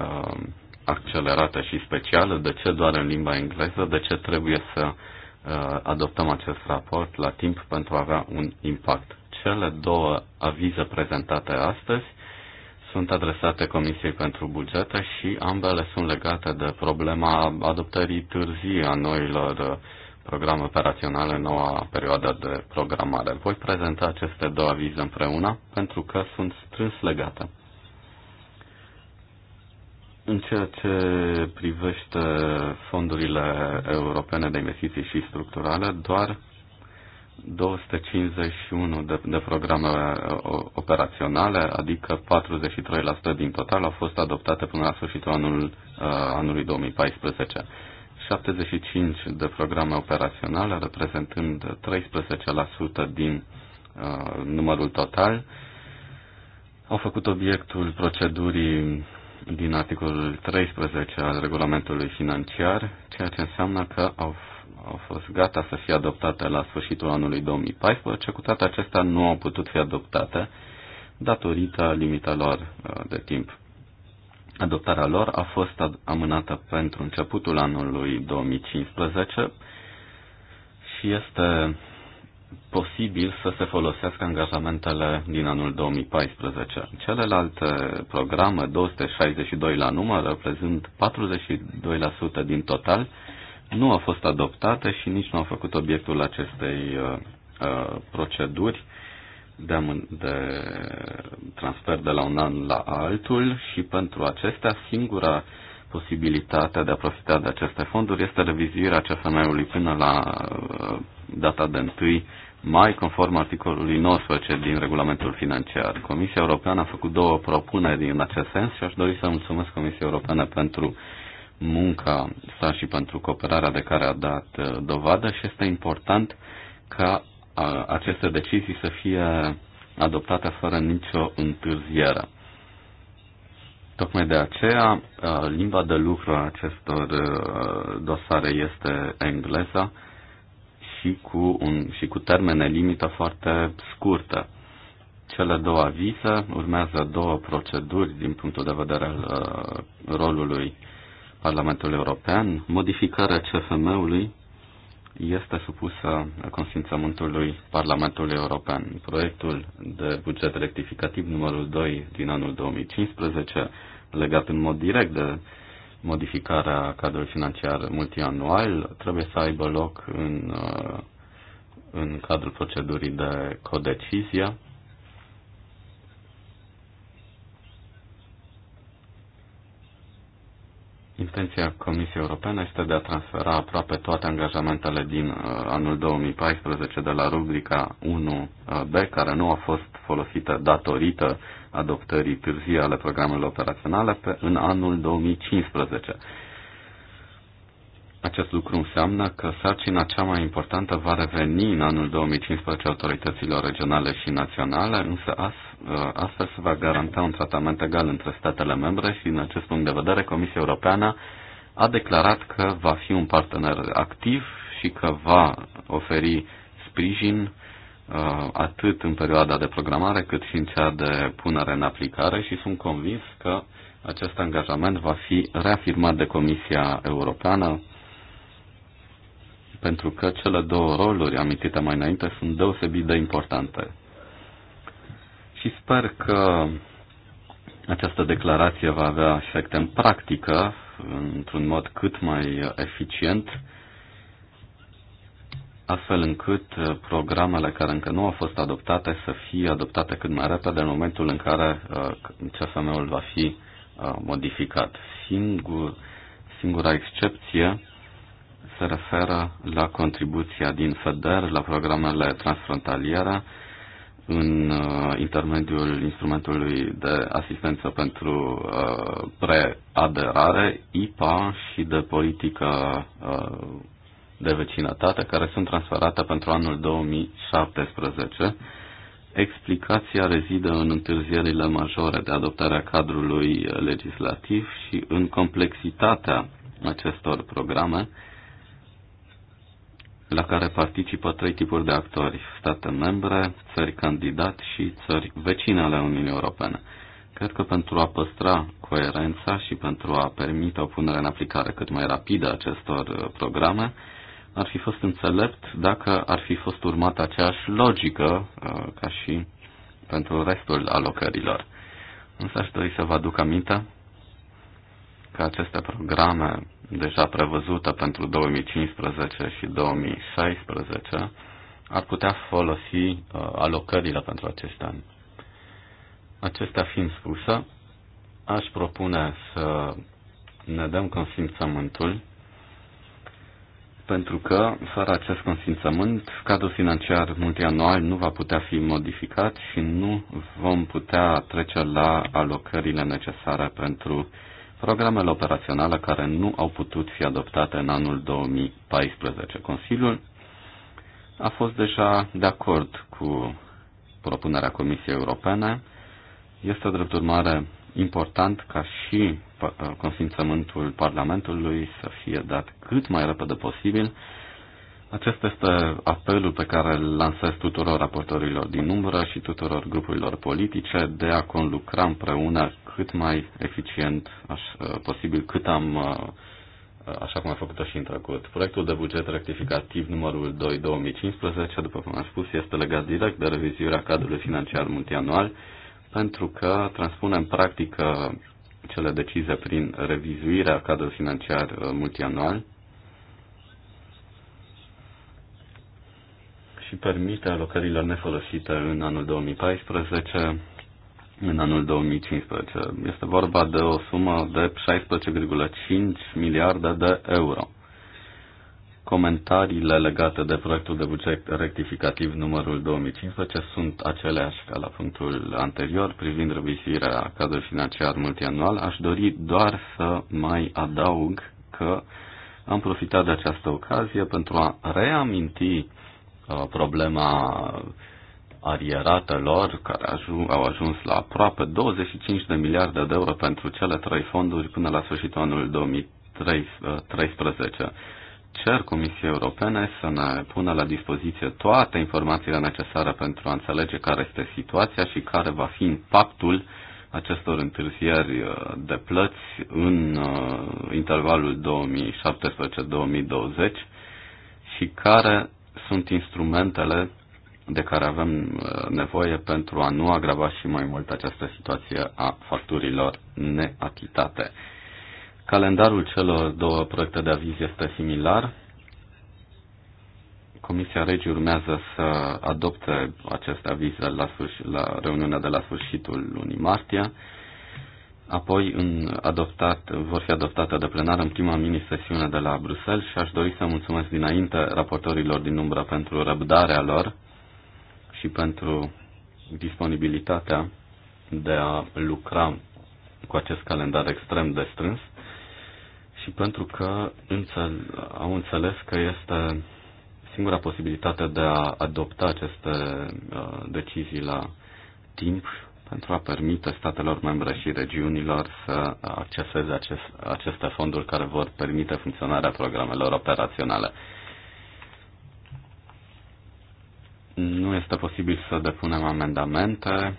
uh, accelerată și specială, de ce doar în limba engleză, de ce trebuie să uh, adoptăm acest raport la timp pentru a avea un impact. Cele două avize prezentate astăzi sunt adresate Comisiei pentru Bugete și ambele sunt legate de problema adoptării târzii a noilor uh, programe operaționale în noua perioadă de programare. Voi prezenta aceste două avize împreună pentru că sunt strâns legate. În ceea ce privește fondurile europene de investiții și structurale, doar 251 de, de programe uh, operaționale, adică 43% din total, au fost adoptate până la sfârșitul anul, uh, anului 2014. 75 de programe operaționale, reprezentând 13% din uh, numărul total, au făcut obiectul procedurii din articolul 13 al regulamentului financiar, ceea ce înseamnă că au au fost gata să fie adoptate la sfârșitul anului 2014, cu toate acestea nu au putut fi adoptate datorită limitelor uh, de timp. Adoptarea lor a fost amânată pentru începutul anului 2015 și este posibil să se folosească angajamentele din anul 2014. Celelalte programe, 262 la număr, reprezint 42% din total, nu a fost adoptată și nici nu a făcut obiectul acestei uh, uh proceduri de, de transfer de la un an la altul și pentru acestea singura posibilitatea de a profita de aceste fonduri este revizuirea CFM-ului până la uh, data de 1 mai, conform articolului 19 din regulamentul financiar. Comisia Europeană a făcut două propuneri în acest sens și aș dori să mulțumesc Comisiei Europene pentru uh, munca sa și pentru cooperarea de care a dat uh, dovadă și este important ca uh, aceste decizii să fie adoptate fără nicio întârziere. Tocmai de aceea, uh, limba de lucru a acestor dosare este engleza și cu, un, și cu termene limită foarte scurte. Cele două avize urmează două proceduri din punctul de vedere al rolului Parlamentul European, modificarea CFM-ului este supusă consimțământului Parlamentului European. Proiectul de buget rectificativ numărul 2 din anul 2015, legat în mod direct de modificarea cadrului financiar multianual, trebuie să aibă loc în, uh, în cadrul procedurii de codecizie Intenția Comisiei Europene este de a transfera aproape toate angajamentele din uh, anul 2014 de la rubrica 1B, uh, care nu a fost folosită datorită adoptării târzii ale programelor operaționale, pe, în anul 2015. Acest lucru înseamnă că sarcina cea mai importantă va reveni în anul 2015 autorităților regionale și naționale, însă ă, astfel se va garanta un tratament egal între statele membre și, din acest punct de vedere, Comisia Europeană a declarat că va fi un partener activ și că va oferi sprijin ă, atât în perioada de programare cât și în cea de punere în aplicare și sunt convins că acest angajament va fi reafirmat de Comisia Europeană pentru că cele două roluri amintite mai înainte sunt deosebit de importante. Și sper că această declarație va avea efecte în practică, într-un mod cât mai eficient, astfel încât programele care încă nu au fost adoptate să fie adoptate cât mai repede în momentul în care uh, CFM-ul va fi uh, modificat. Singur, singura excepție se referă la contribuția din FEDER la programele transfrontaliere în uh, intermediul instrumentului de asistență pentru uh, preaderare, IPA și de politică uh, de vecinătate, care sunt transferate pentru anul 2017. Explicația rezidă în întârzierile majore de adoptarea cadrului legislativ și în complexitatea acestor programe, la care participă trei tipuri de actori, state membre, țări candidat și țări vecine ale Uniunii Europene. Cred că pentru a păstra coerența și pentru a permite o punere în aplicare cât mai rapidă a acestor uh, programe, ar fi fost înțelept dacă ar fi fost urmată aceeași logică uh, ca și pentru restul alocărilor. Însă aș dori să vă aduc aminte că aceste programe deja prevăzute pentru 2015 și 2016 ar putea folosi uh, alocările pentru acest an. Acestea fiind spusă, aș propune să ne dăm consimțământul pentru că, fără acest consimțământ, cadrul financiar multianual nu va putea fi modificat și nu vom putea trece la alocările necesare pentru programele operaționale care nu au putut fi adoptate în anul 2014. Consiliul a fost deja de acord cu propunerea Comisiei Europene. Este, drept urmare, important ca și uh, consimțământul Parlamentului să fie dat cât mai repede posibil. Acesta este apelul pe care îl lansez tuturor raportorilor din umbră și tuturor grupurilor politice de a conlucra împreună cât mai eficient aș, uh, posibil, cât am, uh, uh, așa cum am făcut-o și în trecut. Proiectul de buget rectificativ numărul 2 2015, după cum am spus, este legat direct de revizuirea cadrului financiar multianual, pentru că transpune în practică cele decize prin revizuirea cadrului financiar multianual și permite alocările nefolosite în anul 2014 în anul 2015. Este vorba de o sumă de 16,5 miliarde de euro. Comentariile legate de proiectul de buget rectificativ numărul 2015 sunt aceleași ca la punctul anterior privind revizuirea cadrului financiar multianual. Aș dori doar să mai adaug că am profitat de această ocazie pentru a reaminti uh, problema lor care au ajuns la aproape 25 de miliarde de euro pentru cele trei fonduri până la sfârșitul anului 2013. Cer Comisiei Europene să ne pună la dispoziție toate informațiile necesare pentru a înțelege care este situația și care va fi impactul acestor întârzieri uh, de plăți în uh, intervalul 2017-2020 și care sunt instrumentele de care avem uh, nevoie pentru a nu agrava și mai mult această situație a facturilor neachitate. Calendarul celor două proiecte de aviz este similar. Comisia Regii urmează să adopte aceste avize la, la reuniunea de la sfârșitul lunii martie. Apoi în adoptat, vor fi adoptate de plenar în prima mini-sesiune de la Bruxelles și aș dori să mulțumesc dinainte raportorilor din umbră pentru răbdarea lor și pentru disponibilitatea de a lucra cu acest calendar extrem de strâns și pentru că înțel- au înțeles că este singura posibilitate de a adopta aceste uh, decizii la timp pentru a permite statelor membre și regiunilor să acceseze acest, aceste fonduri care vor permite funcționarea programelor operaționale. Nu este posibil să depunem amendamente,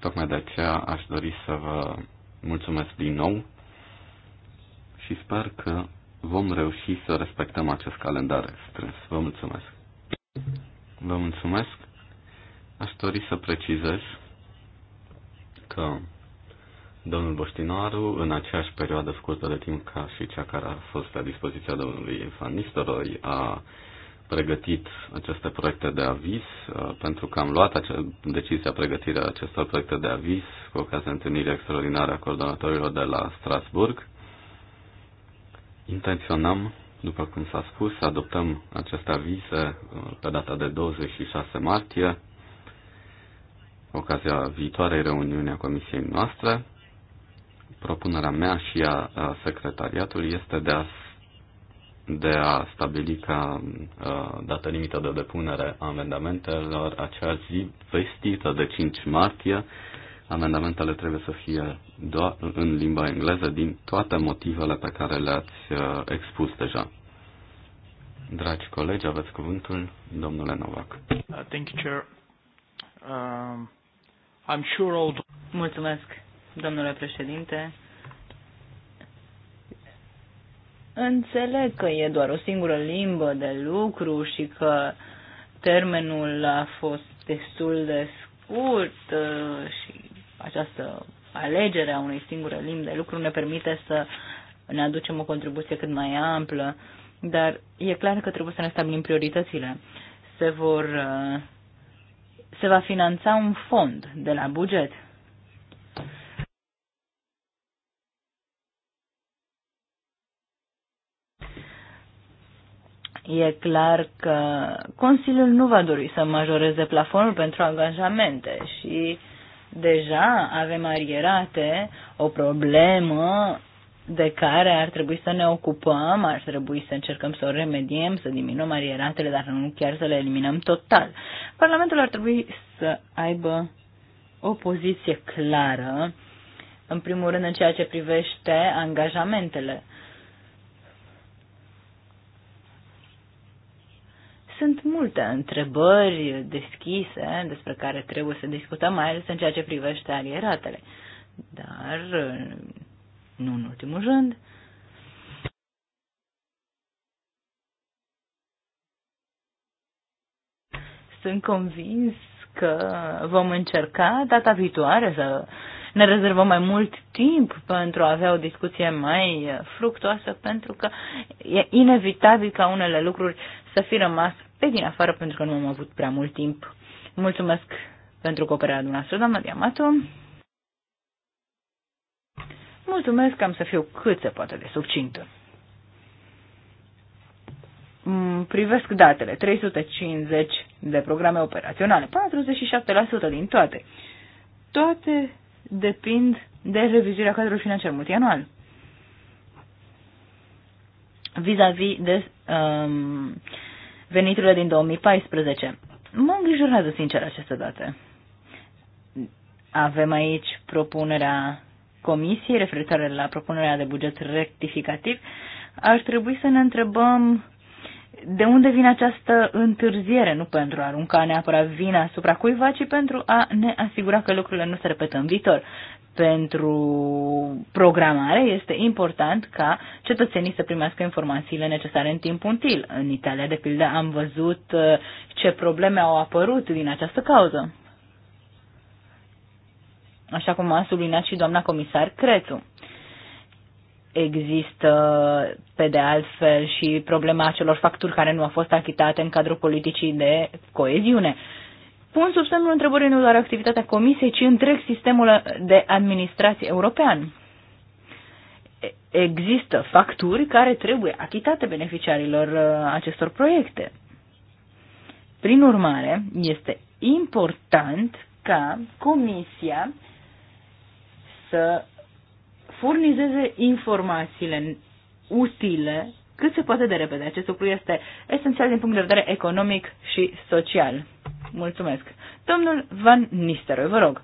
tocmai de aceea aș dori să vă mulțumesc din nou și sper că vom reuși să respectăm acest calendar strâns. Vă mulțumesc. Vă mulțumesc. Aș dori să precizez că domnul Boștinaru, în aceeași perioadă scurtă de timp ca și cea care a fost la dispoziția domnului Infanistoroi, a pregătit aceste proiecte de aviz, uh, pentru că am luat decizia pregătirea acestor proiecte de aviz cu ocazia întâlnirii extraordinare a coordonatorilor de la Strasburg. Intenționăm, după cum s-a spus, să adoptăm aceste avize uh, pe data de 26 martie, ocazia viitoarei reuniuni a comisiei noastre. Propunerea mea și a secretariatului este de a de a stabili ca uh, dată limită de depunere a amendamentelor acea zi vestită de 5 martie. Amendamentele trebuie să fie doar în limba engleză din toate motivele pe care le-ați uh, expus deja. Dragi colegi, aveți cuvântul, domnule Novak. Uh, thank you, Chair. Um, I'm sure all... Mulțumesc, domnule președinte. Înțeleg că e doar o singură limbă de lucru și că termenul a fost destul de scurt uh, și această alegere a unei singure limbi de lucru ne permite să ne aducem o contribuție cât mai amplă, dar e clar că trebuie să ne stabilim prioritățile. Se vor uh, se va finanța un fond de la buget E clar că Consiliul nu va dori să majoreze plafonul pentru angajamente și deja avem arierate o problemă de care ar trebui să ne ocupăm, ar trebui să încercăm să o remediem, să diminuăm arieratele, dar nu chiar să le eliminăm total. Parlamentul ar trebui să aibă o poziție clară, în primul rând în ceea ce privește angajamentele. Sunt multe întrebări deschise despre care trebuie să discutăm, mai ales în ceea ce privește alieratele. Dar, nu în ultimul rând, sunt convins că vom încerca data viitoare să ne rezervăm mai mult timp pentru a avea o discuție mai fructoasă, pentru că e inevitabil ca unele lucruri să fi rămas pe din afară pentru că nu am avut prea mult timp. Mulțumesc pentru cooperarea dumneavoastră, doamna Diamato. Mulțumesc, am să fiu cât se poate de subcintă. Mm, privesc datele, 350 de programe operaționale, 47% din toate. Toate depind de revizuirea cadrului financiar multianual. Vis-a-vis -vis de um, veniturile din 2014. Mă îngrijorează sincer aceste date. Avem aici propunerea comisiei referitoare la propunerea de buget rectificativ. Ar trebui să ne întrebăm de unde vine această întârziere, nu pentru a arunca neapărat vina asupra cuiva, ci pentru a ne asigura că lucrurile nu se repetă în viitor. Pentru programare este important ca cetățenii să primească informațiile necesare în timp util. În Italia, de pildă, am văzut uh, ce probleme au apărut din această cauză. Așa cum a subliniat și doamna comisar Crețu există, pe de altfel, și problema acelor facturi care nu au fost achitate în cadrul politicii de coeziune. Pun sub semnul întrebării nu doar activitatea Comisiei, ci întreg sistemul de administrație european. Există facturi care trebuie achitate beneficiarilor uh, acestor proiecte. Prin urmare, este important ca Comisia să furnizeze informațiile utile cât se poate de repede. Acest lucru este esențial din punct de vedere economic și social. Mulțumesc. Domnul Van Nistelrooy, vă rog.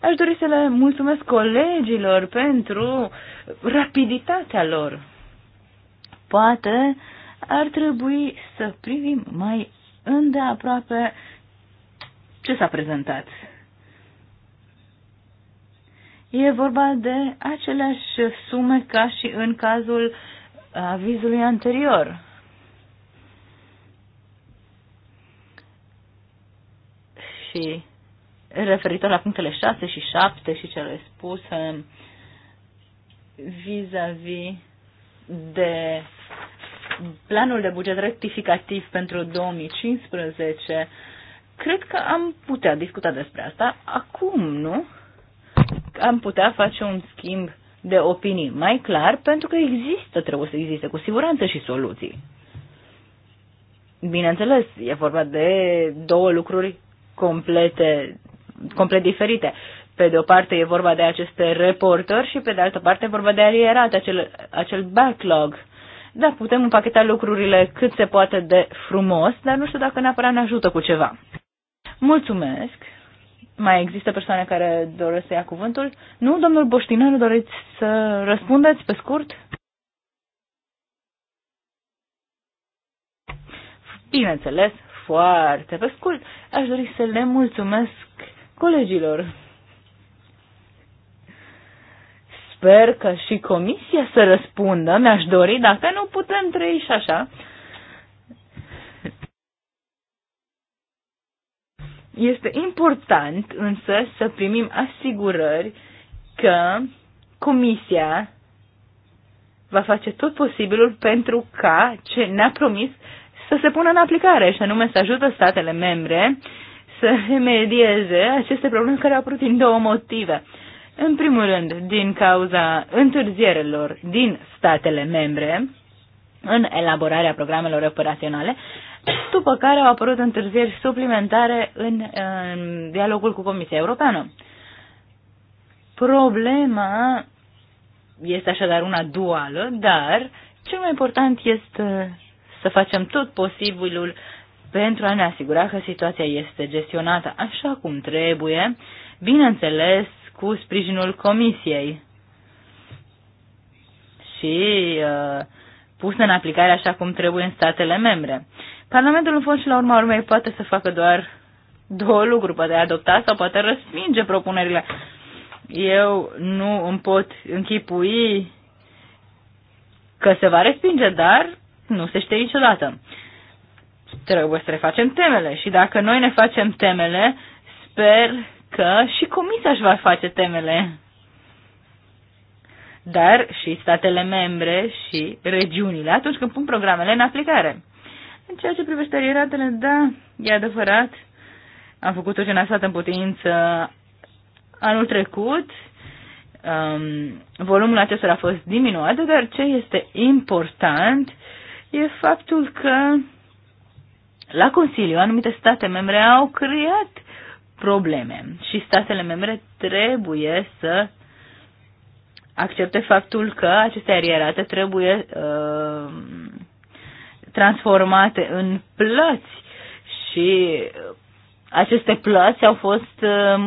Aș dori să le mulțumesc colegilor pentru rapiditatea lor. Poate ar trebui să privim mai îndeaproape ce s-a prezentat. E vorba de aceleași sume ca și în cazul avizului anterior. Și referitor la punctele 6 și 7 și cele spuse vis-a-vis -vis de planul de buget rectificativ pentru 2015, Cred că am putea discuta despre asta acum, nu? Am putea face un schimb de opinii mai clar, pentru că există, trebuie să existe cu siguranță și soluții. Bineînțeles, e vorba de două lucruri complete, complet diferite. Pe de o parte e vorba de aceste reporteri și pe de altă parte e vorba de alierate, acel, acel backlog. Da, putem împacheta lucrurile cât se poate de frumos, dar nu știu dacă neapărat ne ajută cu ceva. Mulțumesc. Mai există persoane care doresc să ia cuvântul? Nu, domnul Boștinaru, doriți să răspundeți pe scurt? Bineînțeles, foarte pe scurt, aș dori să le mulțumesc colegilor. Sper că și comisia să răspundă, mi-aș dori, dacă nu putem trăi și așa. Este important însă să primim asigurări că Comisia va face tot posibilul pentru ca ce ne-a promis să se pună în aplicare și anume să ajută statele membre să remedieze aceste probleme care au apărut din două motive. În primul rând, din cauza întârzierelor din statele membre în elaborarea programelor operaționale, după care au apărut întârzieri suplimentare în, în dialogul cu Comisia Europeană. Problema este așadar una duală, dar cel mai important este să facem tot posibilul pentru a ne asigura că situația este gestionată așa cum trebuie, bineînțeles cu sprijinul Comisiei și uh, pusă în aplicare așa cum trebuie în statele membre. Parlamentul în fond și la urma urmei poate să facă doar două lucruri, poate adopta sau poate răspinge propunerile. Eu nu îmi pot închipui că se va respinge, dar nu se știe niciodată. Trebuie să refacem temele și dacă noi ne facem temele, sper că și Comisia își va face temele. Dar și statele membre și regiunile atunci când pun programele în aplicare. În ceea ce privește ratele, da, e adevărat. Am făcut tot ce ne-a stat în putință anul trecut. Um, volumul acesta a fost diminuat, dar ce este important e faptul că la Consiliu anumite state membre au creat probleme și statele membre trebuie să accepte faptul că aceste arierate trebuie uh, transformate în plăți și aceste plăți au fost uh,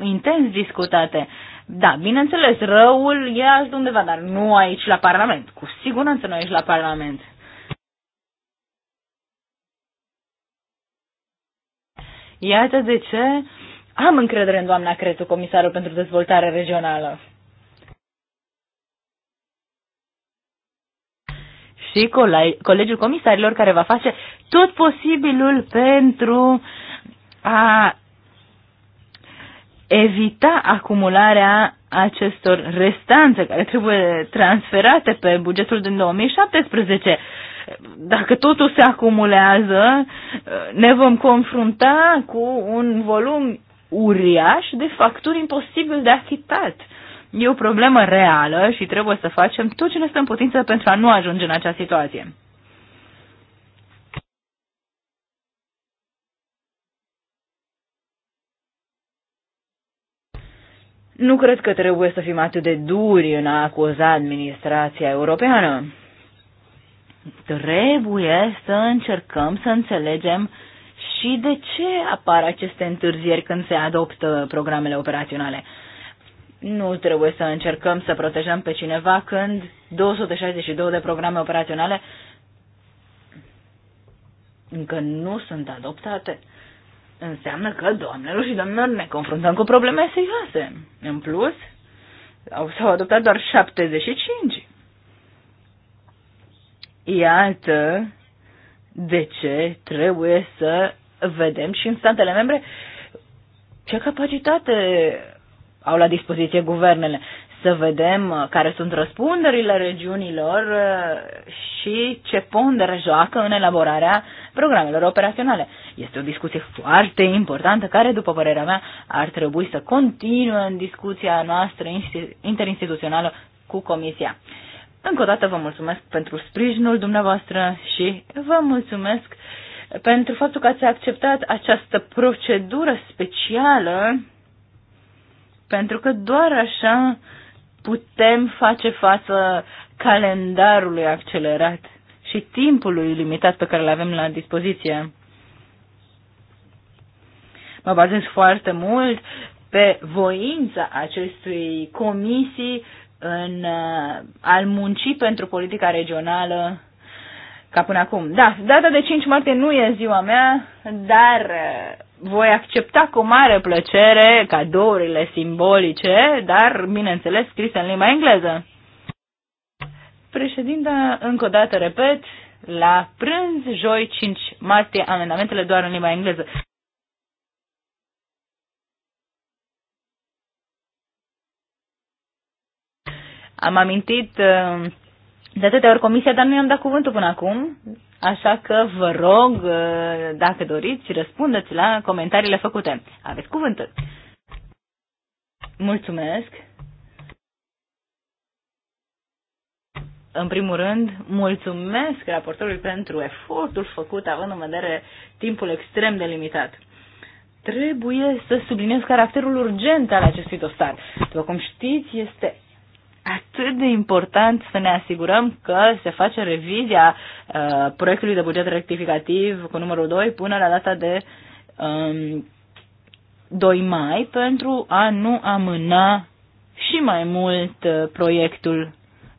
intens discutate. Da, bineînțeles, răul e altundeva, dar nu aici la Parlament. Cu siguranță nu aici la Parlament. Iată de ce am încredere în doamna cretu, comisarul pentru dezvoltare regională. și Colegiul Comisarilor care va face tot posibilul pentru a evita acumularea acestor restanțe care trebuie transferate pe bugetul din 2017. Dacă totul se acumulează, ne vom confrunta cu un volum uriaș de facturi imposibil de achitat. E o problemă reală și trebuie să facem tot ce ne stă în putință pentru a nu ajunge în acea situație. Nu cred că trebuie să fim atât de duri în a acuza administrația europeană. Trebuie să încercăm să înțelegem și de ce apar aceste întârzieri când se adoptă programele operaționale nu trebuie să încercăm să protejăm pe cineva când 262 de programe operaționale încă nu sunt adoptate. Înseamnă că, doamnelor și domnilor, ne confruntăm cu probleme serioase. În plus, au, s-au adoptat doar 75. Iată de ce trebuie să vedem și în statele membre ce capacitate au la dispoziție guvernele. Să vedem uh, care sunt răspunderile regiunilor uh, și ce pondere joacă în elaborarea programelor operaționale. Este o discuție foarte importantă care, după părerea mea, ar trebui să continue în discuția noastră interinstituțională cu Comisia. Încă o dată vă mulțumesc pentru sprijinul dumneavoastră și vă mulțumesc pentru faptul că ați acceptat această procedură specială pentru că doar așa putem face față calendarului accelerat și timpului limitat pe care îl avem la dispoziție. Mă bazez foarte mult pe voința acestui comisii în uh, al munci pentru politica regională ca până acum. Da, data de 5 martie nu e ziua mea, dar uh, voi accepta cu mare plăcere cadourile simbolice, dar, bineînțeles, scrise în limba engleză. Președinta, încă o dată repet, la prânz, joi 5 martie, amendamentele doar în limba engleză. Am amintit uh, de atâtea ori comisia, dar nu i-am dat cuvântul până acum. Așa că vă rog, uh, dacă doriți, răspundeți la comentariile făcute. Aveți cuvântul. Mulțumesc. În primul rând, mulțumesc raportorului pentru efortul făcut, având în vedere timpul extrem de limitat trebuie să subliniez caracterul urgent al acestui dosar. După cum știți, este atât de important să ne asigurăm că se face revizia uh, proiectului de buget rectificativ cu numărul 2 până la data de um, 2 mai pentru a nu amâna și mai mult uh, proiectul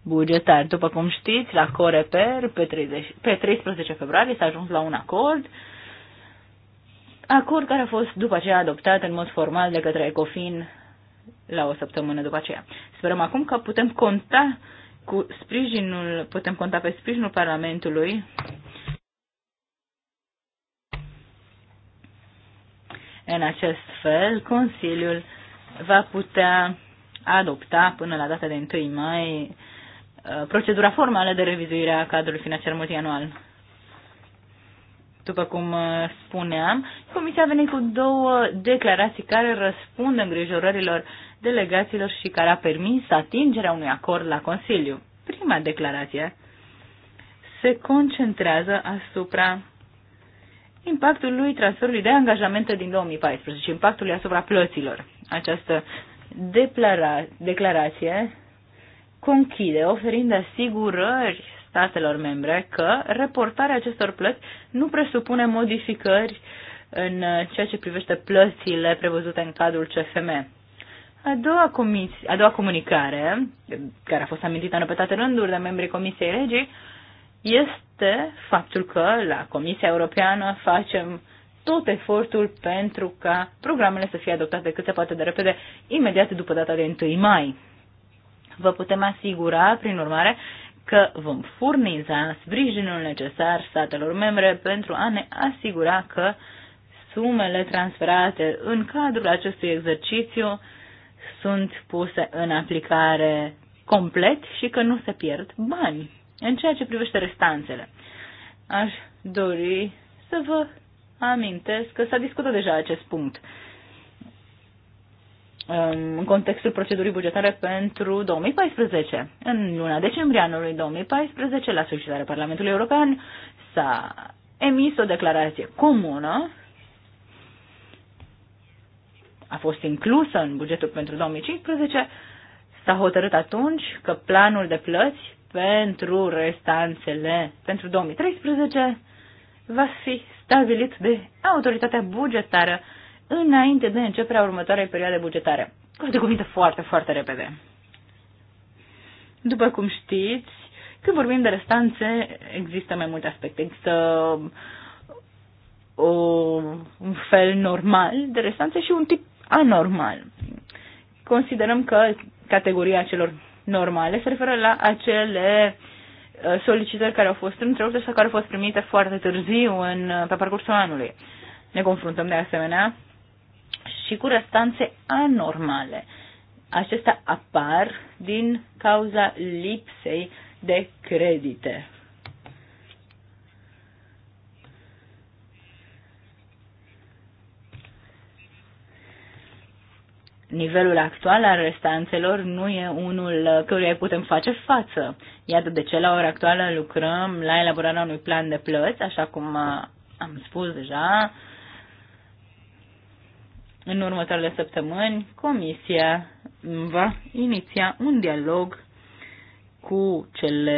bugetar. După cum știți, la Coreper, pe, 30, pe 13 februarie s-a ajuns la un acord, acord care a fost după aceea adoptat în mod formal de către Ecofin la o săptămână după aceea. Sperăm acum că putem conta cu sprijinul, putem conta pe sprijinul Parlamentului În acest fel, Consiliul va putea adopta până la data de 1 mai uh, procedura formală de revizuire a cadrului financiar multianual. După cum uh, spuneam, Comisia a venit cu două declarații care răspund îngrijorărilor delegaților și care a permis atingerea unui acord la Consiliu. Prima declarație se concentrează asupra impactului transferului de angajamente din 2014 și impactului asupra plăților. Această declara- declarație conchide oferind asigurări statelor membre că reportarea acestor plăți nu presupune modificări în uh, ceea ce privește plățile prevăzute în cadrul CFM. A doua, comisie, a doua comunicare, care a fost amintită în toate rânduri de membrii Comisiei Regii, este faptul că la Comisia Europeană facem tot efortul pentru ca programele să fie adoptate cât se poate de repede, imediat după data de 1 mai. Vă putem asigura, prin urmare, că vom furniza sprijinul necesar statelor membre pentru a ne asigura că sumele transferate în cadrul acestui exercițiu sunt puse în aplicare complet și că nu se pierd bani. În ceea ce privește restanțele, aș dori să vă amintesc că s-a discutat deja acest punct um, în contextul procedurii bugetare pentru 2014. În luna decembrie anului 2014, la solicitarea Parlamentului European, s-a emis o declarație comună a fost inclusă în bugetul pentru 2015, s-a hotărât atunci că planul de plăți pentru restanțele pentru 2013 va fi stabilit de autoritatea bugetară înainte de începerea următoarei perioade bugetare. Cu alte cuvinte, foarte, foarte repede. După cum știți, când vorbim de restanțe, există mai multe aspecte. Există o, uh, un fel normal de restanțe și un tip anormal. Considerăm că categoria celor normale se referă la acele uh, solicitări care au fost întrerupte sau care au fost primite foarte târziu în, uh, pe parcursul anului. Ne confruntăm de asemenea și cu restanțe anormale. Acestea apar din cauza lipsei de credite. nivelul actual al restanțelor nu e unul căruia putem face față. Iată de ce la ora actuală lucrăm la elaborarea unui plan de plăți, așa cum am spus deja. În următoarele săptămâni, Comisia va iniția un dialog cu cele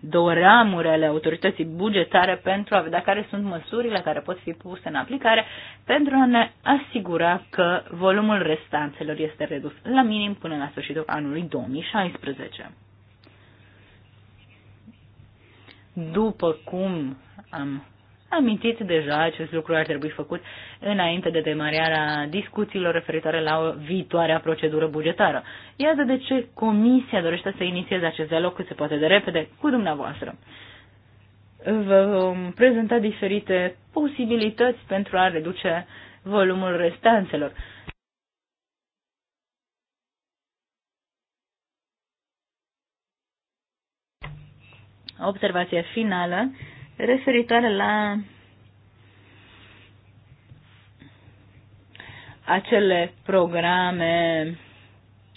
două ramuri ale autorității bugetare pentru a vedea care sunt măsurile care pot fi puse în aplicare pentru a ne asigura că volumul restanțelor este redus la minim până la sfârșitul anului 2016. După cum am amintit deja acest lucru ar trebui făcut înainte de demararea discuțiilor referitoare la viitoarea procedură bugetară. Iată de ce Comisia dorește să inițieze acest dialog cât se poate de repede cu dumneavoastră. Vă vom prezenta diferite posibilități pentru a reduce volumul restanțelor. Observația finală referitoare la acele programe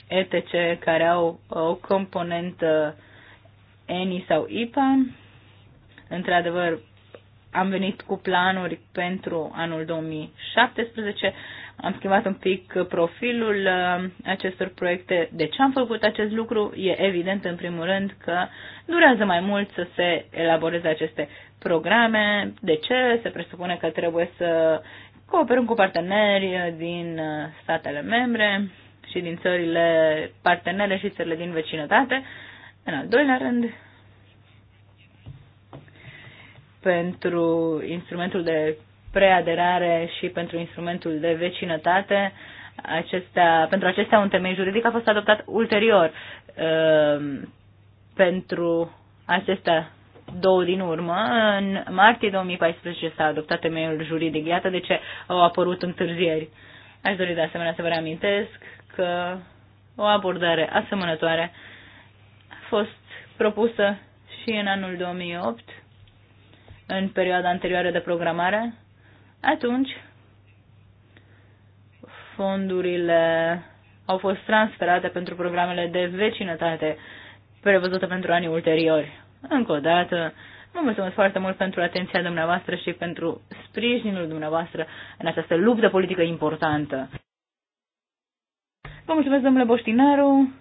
ETC care au o componentă ENI sau IPA. Într-adevăr, am venit cu planuri pentru anul 2017, am schimbat un pic profilul uh, acestor proiecte. De ce am făcut acest lucru? E evident, în primul rând, că durează mai mult să se elaboreze aceste programe. De ce? Se presupune că trebuie să cooperăm cu parteneri din uh, statele membre și din țările partenere și țările din vecinătate. În al doilea rând, pentru instrumentul de preaderare și pentru instrumentul de vecinătate, acestea, pentru acestea un temei juridic a fost adoptat ulterior. Uh, pentru acestea două din urmă, în martie 2014 s-a adoptat temeiul juridic. Iată de ce au apărut întârzieri. Aș dori de asemenea să vă reamintesc că o abordare asemănătoare a fost propusă și în anul 2008, în perioada anterioară de programare. Atunci, fondurile au fost transferate pentru programele de vecinătate prevăzute pentru anii ulteriori. Încă o dată, vă mulțumesc foarte mult pentru atenția dumneavoastră și pentru sprijinul dumneavoastră în această luptă politică importantă. Vă mulțumesc, domnule Boștinaru.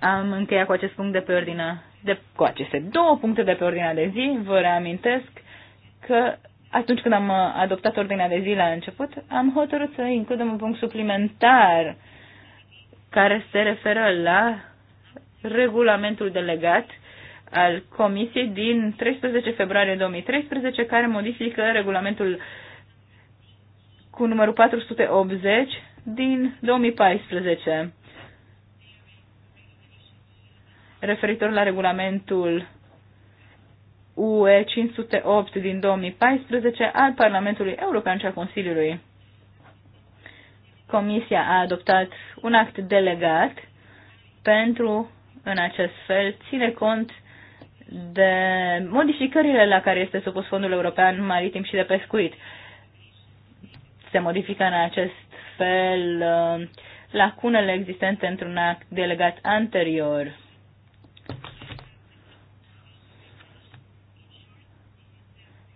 Am încheiat cu acest punct de pe ordinea, de, cu aceste două puncte de pe ordinea de zi. Vă reamintesc că atunci când am adoptat ordinea de zi la început, am hotărât să includem un punct suplimentar care se referă la regulamentul delegat al Comisiei din 13 februarie 2013, care modifică regulamentul cu numărul 480 din 2014, referitor la regulamentul UE 508 din 2014 al Parlamentului European și al Consiliului. Comisia a adoptat un act delegat pentru în acest fel ține cont de modificările la care este supus Fondul European Maritim și de Pescuit. Se modifică în acest fel uh, lacunele existente într-un act delegat anterior.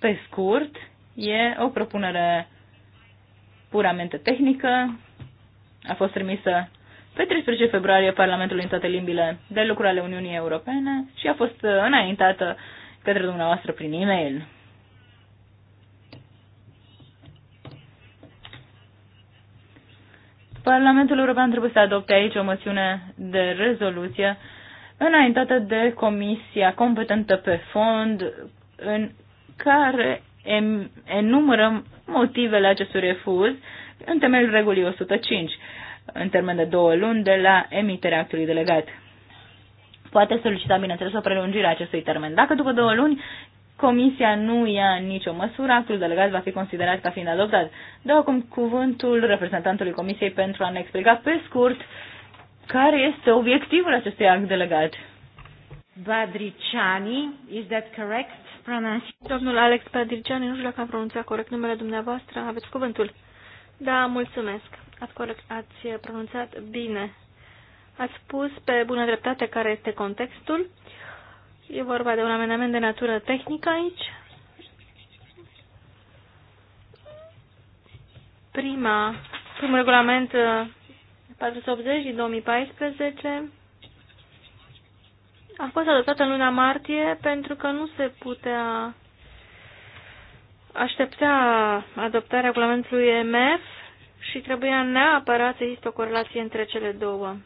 Pe scurt, e o propunere puramente tehnică, a fost trimisă pe 13 februarie Parlamentului în toate limbile de lucru ale Uniunii Europene și a fost uh, înaintată către dumneavoastră prin e-mail. Parlamentul European trebuie să adopte aici o moțiune de rezoluție înaintată de comisia competentă pe fond în care enumărăm motivele acestui refuz în temeiul regulii 105 în termen de două luni de la emiterea actului delegat. Poate solicita, bineînțeles, o prelungire a acestui termen. Dacă după două luni Comisia nu ia nicio măsură, actul delegat va fi considerat ca fiind adoptat. Dau acum cuvântul reprezentantului Comisiei pentru a ne explica pe scurt care este obiectivul acestui act delegat. Badriciani, is that correct Domnul Alex Badriciani, nu știu dacă am pronunțat corect numele dumneavoastră, aveți cuvântul. Da, mulțumesc. Ați, corect, ați pronunțat bine. Ați spus pe bună dreptate care este contextul. E vorba de un amendament de natură tehnică aici. Prima, primul regulament 480 uh, din 2014 a fost adoptată în luna martie pentru că nu se putea aștepta adoptarea regulamentului MF și trebuia neapărat să există o corelație între cele două.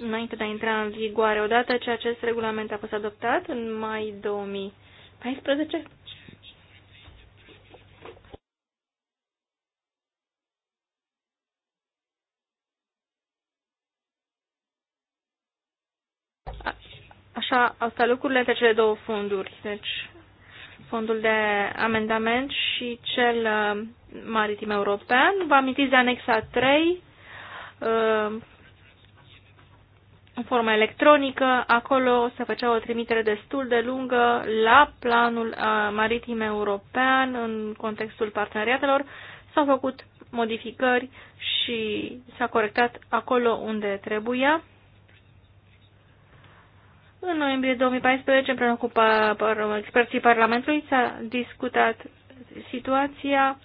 Înainte de a intra în vigoare, odată ce acest regulament a fost adoptat în mai 2014, Așa au stat lucrurile între cele două fonduri, deci fondul de amendament și cel uh, maritim european. Vă amintiți de anexa 3, uh, în formă electronică, acolo se făcea o trimitere destul de lungă la planul uh, maritim european în contextul parteneriatelor. S-au făcut modificări și s-a corectat acolo unde trebuia. În noiembrie 2014, împreună cu experții Parlamentului, s-a discutat situația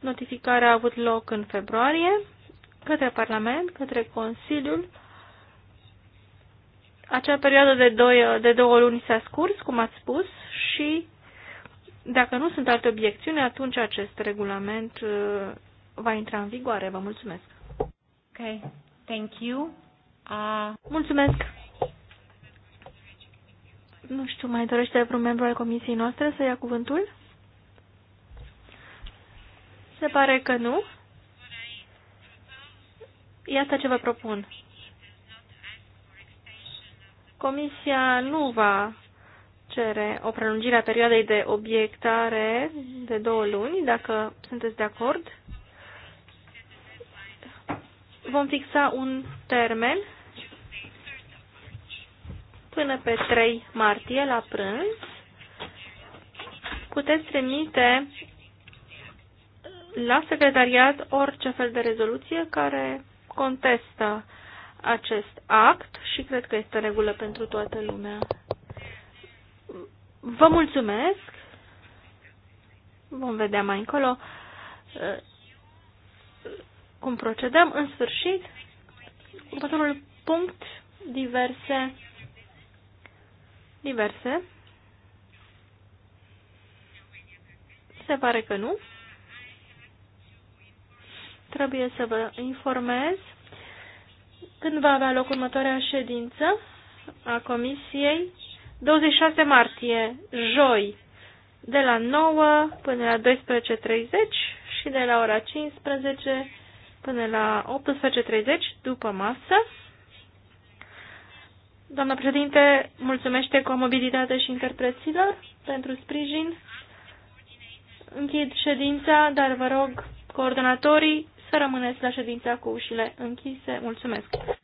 Notificarea a avut loc în februarie către Parlament, către Consiliul. Acea perioadă de, doi, de două luni s-a scurs, cum ați spus, și dacă nu sunt alte obiecțiuni, atunci acest regulament uh, va intra în vigoare. Vă mulțumesc. Ok, thank you. Uh... Mulțumesc. Nu știu, mai dorește vreun membru al comisiei noastre să ia cuvântul? Se pare că nu. Iată ce vă propun. Comisia nu va cere o prelungire a perioadei de obiectare de două luni, dacă sunteți de acord. Vom fixa un termen până pe 3 martie la prânz. Puteți trimite la secretariat orice fel de rezoluție care contestă acest act și cred că este regulă pentru toată lumea. Vă mulțumesc. Vom vedea mai încolo uh, cum procedăm. În sfârșit, următorul punct, diverse, diverse. Se pare că nu trebuie să vă informez când va avea loc următoarea ședință a Comisiei. 26 martie, joi, de la 9 până la 12.30 și de la ora 15 până la 18.30 după masă. Doamna președinte, mulțumește cu mobilitate și interpreților pentru sprijin. Închid ședința, dar vă rog coordonatorii să rămâneți la ședința cu ușile închise. Mulțumesc!